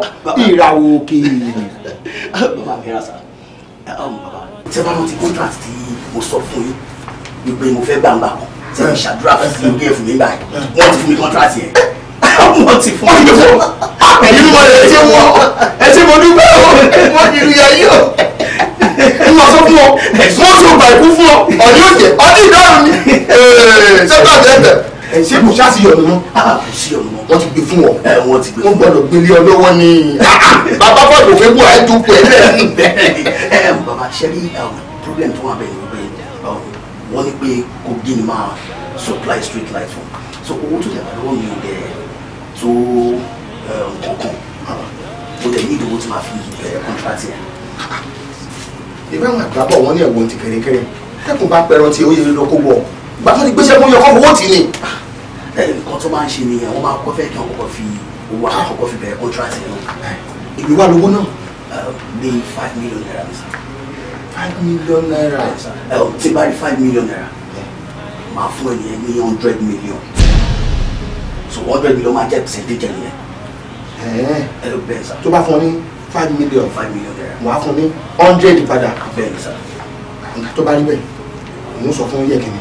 ìràwọ̀ òkè. bàbá mi rà sá tí a bá contract tí mo sọ fún yín wípé fẹ́ gbàǹgbà kan tí mo ṣàdúrà fún mi gbé fún mi báyìí wọ́n ti fún mi contract yẹn wọ́n ti fún mi. ẹ̀yin mọ̀ ẹ̀ ṣe wọ́n ẹ̀ ṣe mo dúpẹ́ o wọ́n ti rí ayé o. n lọ sọ fún ọ wọ́n sọ gbà ikú fún ọ ọ̀ní òjè ọ̀ní ìdáhùn ni. ṣé bá bẹ́ẹ̀ bẹ̀ ṣé kò ṣáà sí yọ̀nù ah, ah, mọ́. wọ́n ti gbé fún ọ wọ́n ti gbé fún ọ. wọ́n gbọ́dọ̀ gbélé ọ lọ́wọ́ ni. Ah, bàbá bọ́ọ̀lù òfin bù ẹ́ dúpọ̀ ẹ̀ lẹ́yìn. bàbá ṣẹ́rí um, problem tó wà bẹ́ẹ̀ ni um, wọ́n ní pé kò gí ni máa supply street light fún so owó tó dẹ̀ wà lọ́wọ́ mi ò dẹ̀ tó kọ̀ọ̀kan eh, mo dẹ̀ ní ìdòwò tí màá fi bẹ̀rẹ̀ kọ́ńtrátì rẹ̀. ìbá àwọn àgbàbọ̀ wọn ní ẹ̀wọ̀n ti kẹ̀rẹ̀kẹ̀rẹ̀ tẹ́kùn bá pẹ̀rọ tí ó yẹ lọ kó wọ̀ ìgbà tó ní gbéṣẹ́ mú yọkọ́ owó tì ní. Eh, nǹkan tó máa ń ṣe ni àwọn máa kọ́ fẹ́ kí àwọn kọ́kọ́ fi owó àkọ́kọ́ fi bẹ̀rẹ̀ kọ́ńtrátì náà. ìwé eh, wà lówó náà. ní five million naira mi sá. five million naira. tí bá rí five million naira máa fún ẹnìyẹn ní hundred million so hundred million máa jẹ́ percentage nìyẹn. ẹ ló bẹ́ẹ̀ sá. tó bá fún ní five million five million naira wàá fún ọ ní hundred padà. bẹ́ẹ̀ sá. tó bá rí bẹ́ẹ̀ òun sọ fún yẹ̀kìnì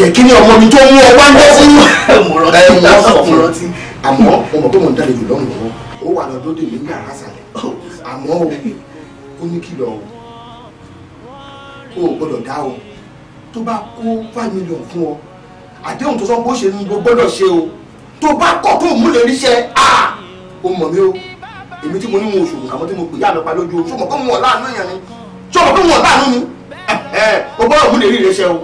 yẹ̀kìnì ọmọ mi tó mú ọ wá ń bẹ́ fún mi. àmọ́ ọmọ tó mọ̀ ń dálejò lọ́rùn lọ́wọ́ ó wà lọ́dún dè mí ní àrásàlẹ̀ oh. àmọ́ ó ní kìlọ̀ o o gbọ́dọ̀ dá o tó bá kó five million fún ọ àdéhùn tó sọ bó ṣe ń gbọ́dọ̀ ṣe o tó bá kọ̀ tó mú lè ríṣẹ́ a ò mọ̀ mí o èmi tí mo ní wọn oṣù àmọ́ tí mo pè yá mi pa lójú o ṣọmọ pé wọn láàánú èèyàn ni ṣọmọ pé wọn láàánú mi o gbọ́dọ̀ mú lè rí ríṣẹ́ o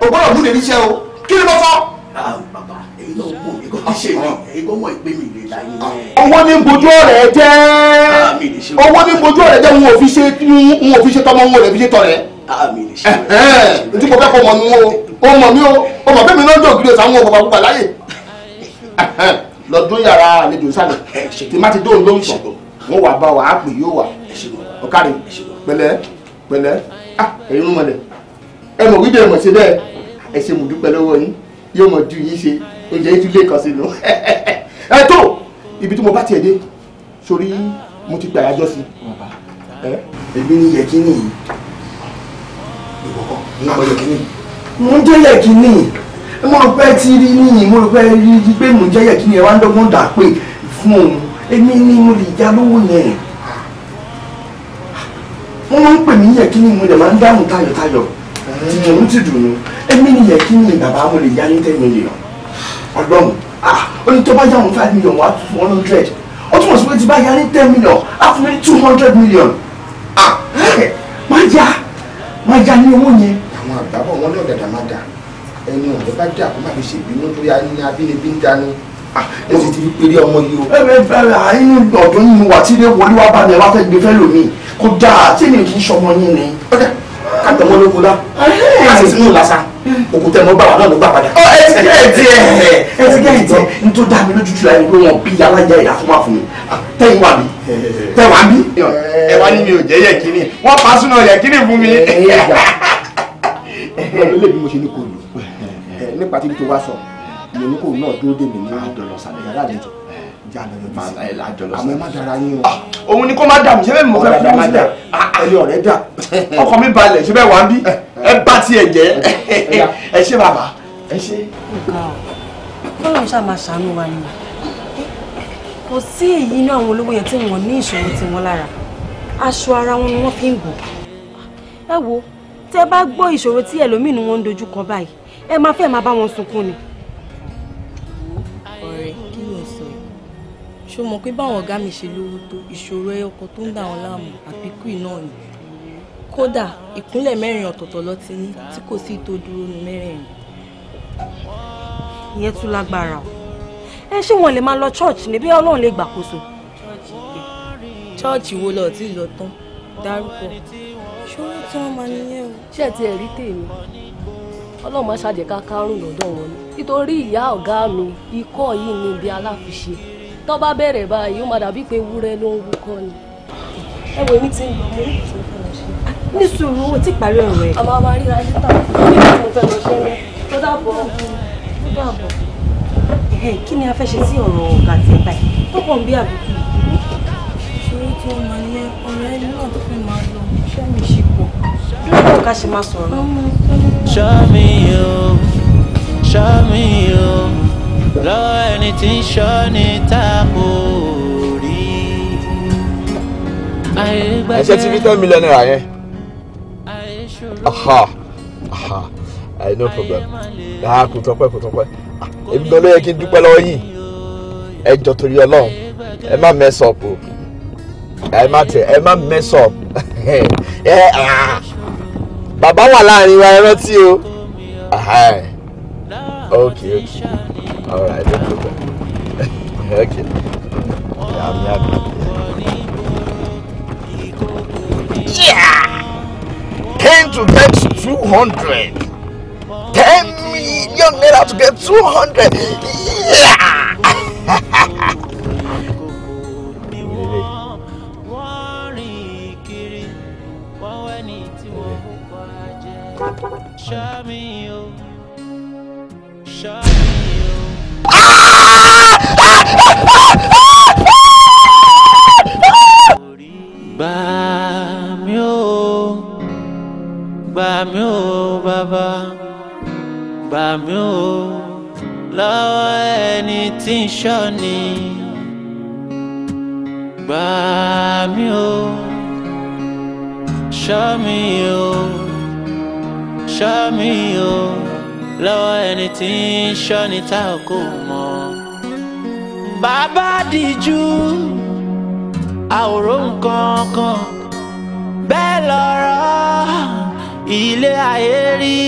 o gbọ́dọ̀ mú lè ríṣẹ́ o kí ni mo fọ́. Ah, bàbá èyí náà mú èkó tí ṣe mí ah. èyí kò mọ ìpè mi lè láyé. owó ní bojú ọ̀rẹ́ jẹ́ owó ah, ní bojú ọ̀rẹ́ jẹ́ wọn ò fi ṣe tọmọ wọn ò fi ṣe tọrẹ àmì lè ṣe é. ntí mo fẹ́ kó mọ̀ mi o ó mọ̀ mi o ó mọ̀ bẹ́ẹ̀ mi náà jọ ògiri ọ̀sán àwọn ọ̀gbọ̀gbà púpà láyè lọ́dún yàrá àlejò sálẹ̀ tí má ti dóhùn ló ń sọ wọ́n wà bá wa á pè yóò wà ọ̀kadì pẹ̀lẹ́ pẹ̀lẹ́ ah, ẹ̀yin ń mọ̀lẹ̀ ẹ mọ̀ wíjọ ìmọ̀ sí bẹ́ẹ̀ ẹ ṣe mú dúpẹ́ lọ́wọ́ yín yóò mọ̀ ju yín ṣe oúnjẹ yín tún lè kàn sínú ẹ tó ibi tí mo bá tiẹ̀ dé sórí mo ti gbàyàjọ́ sí i. èmi ni yẹ kí nìyí mo ń jẹ́ yẹ̀kínì mo rò pé ti rí níyìn mo rò pé rí i pé mo ń jẹ́ yẹ̀kínì ẹ̀ wá ń dọ́gbọ́n dà pé fún òun èmi ni mo lè já lówó yẹn wọ́n máa ń pè mí yẹ̀kínì mo lè máa ń dáhùn tayọ̀tayọ̀ mo ti dùn ún èmi ni yẹ̀kínì bàbá mo lè yá ní ten million ọlọ́run ah ó ní tó bá yá five million wá tún one hundred ó túmọ̀ sí pé ti bá yá ní ten million á fún mi two hundred million ah má yá má já ní owó yẹn. àwọn àgbàbọ̀ wọn ní ọ̀dàdà má dà ẹni ọ̀dọ́ bá dà kó má fi ṣèbínú tó yá ní abínibí ń dání ẹ sì ti fi péré ọmọ yìí o. ẹ bẹ bẹ̀rẹ̀ àyínú ọdún yìí wà tí ilé wọlé wà bá mi wá fẹ́ gbé fẹ́ lómi kó dáa tí èmi kì í ṣọmọ yín ni. ọ̀dà ká tọmọ lóko dá ká sì sínú làṣà òkúta ẹ̀mọ́ bá wà náà ló gbà padà. ọ ẹ ti gẹ́ ẹ di ẹ ẹ ti gẹ́ ẹ di ẹ n tó dá mi lójú jù láyé pé wọn bí alájà ìyá fún wa fún mi tẹ́yìn wà mí tẹ́yìn wà mí. ẹ wá ní mi ò jẹ́ yẹ kíní wọ́n pa súná yẹ kíní fún mi. ẹ ẹ gbà ẹ lè bí mo ṣe ní kò lù nípa tí tó wá sọ mo ní kò náà dúró dè mí ní àdọ̀lọ́sàlẹ̀ yàrá àlejò àmọ́ ẹ má dara yín o. òun ni kó má dà mí ṣé bẹ́ẹ̀ mo fẹ́ fún mi. ọkọ mi balẹ̀ ṣé bẹ́ẹ̀ wà ń bí ẹ bá tiẹ̀ jẹ́ ẹ ṣe bàbá ẹ ṣe. kọ́lọ̀ ṣáà máa ṣàánú wa ni kò sí èyí náà àwọn olówó yẹn tí wọn ní ìṣòro tiwọn lára aṣọ ara wọn ni wọ́n fi ń bò ẹ wo tẹ́ bá gbọ́ ìṣòro tí ẹlòmíín ni wọ́n ń dojú kọ báyìí ẹ máa fẹ́ máa bá wọn sunkún ni. ọ̀rẹ́ kí ló ń sọ yìí ṣó mọ̀ pé báwọn ọ̀gá mi ṣe lówó tó ìṣòro ẹyọkọ tó ń dà wọn láàmú àbíkú náà ni kódà ìpínlẹ̀ mẹ́rin ọ̀tọ̀ọ̀tọ̀ lọ ti ní tí kò sí tó dúró ní mẹ́rin ìyẹn tún lágbára o ẹ ṣé wọn lè máa lọ church níbí Ọlọ́run lè gbàkóso. church wo lọ tí lọ tán dárúkọ ṣòro tí wọn máa níyẹn o. ṣé ẹ ti ẹ̀rí tèmi Ọlọ́run máa ṣàjẹ́ ká kárùn lọ́dọ̀ wọn ni nítorí ìyá ọ̀gá mi ikọ́ yìí ni ibi aláfiṣe tó bá bẹ̀rẹ̀ báyìí ó máa dàbí pé ewúrẹ́ ló ń wúkọ́ ni. ẹ wo èmi ti ń lọ mú ní sùúrù o ti parí ọ̀rọ̀ ẹ̀. àmọ́ àwọn aríra títà kí ni mo fẹ́ lọ ṣe ní kí ni a fẹ́ ṣe sí ọ̀rọ̀ ọ̀gá àti ẹ̀ka yìí tó pọ̀ ń bí àbùkù. ṣòro tó mọ ní ọ̀rẹ́ náà tó fi máa lọ ṣẹ́ mi ṣe pọ̀. lórí ọ̀gá ṣe máa sọ̀rọ̀. show me you show me you lọ́wọ́ ẹni tí ń ṣọ́ ni táàbù rí. ẹsẹ̀ tí fi tẹ́ mílíọ̀nù rà yẹn aha aha i no problem ah kò tọ́pẹ́ kò tọ́pẹ́ ah, èmi gan ló yẹ kí n dúpẹ́ lọ́wọ́ yìí ẹ jọ torí ọlọ́run ẹ má mess up o ẹ má tẹ ẹ má mess up ẹ ah. bàbá wà láàrin wa ẹ rántí o ok ok alright no problem ok yàmi yàmi. to get two hundred ten million naira to get two hundred yeah. Shami ṣọ́ ni gbà mí o ṣọ́ mi o ṣọ́ mi o lọ́wọ́ ẹni tí ń ṣọ́ ni tá a kò mọ̀ bàbá díjú àwòrán kankan bẹ́ẹ̀ lọ́rọ̀ ilé ayé rí.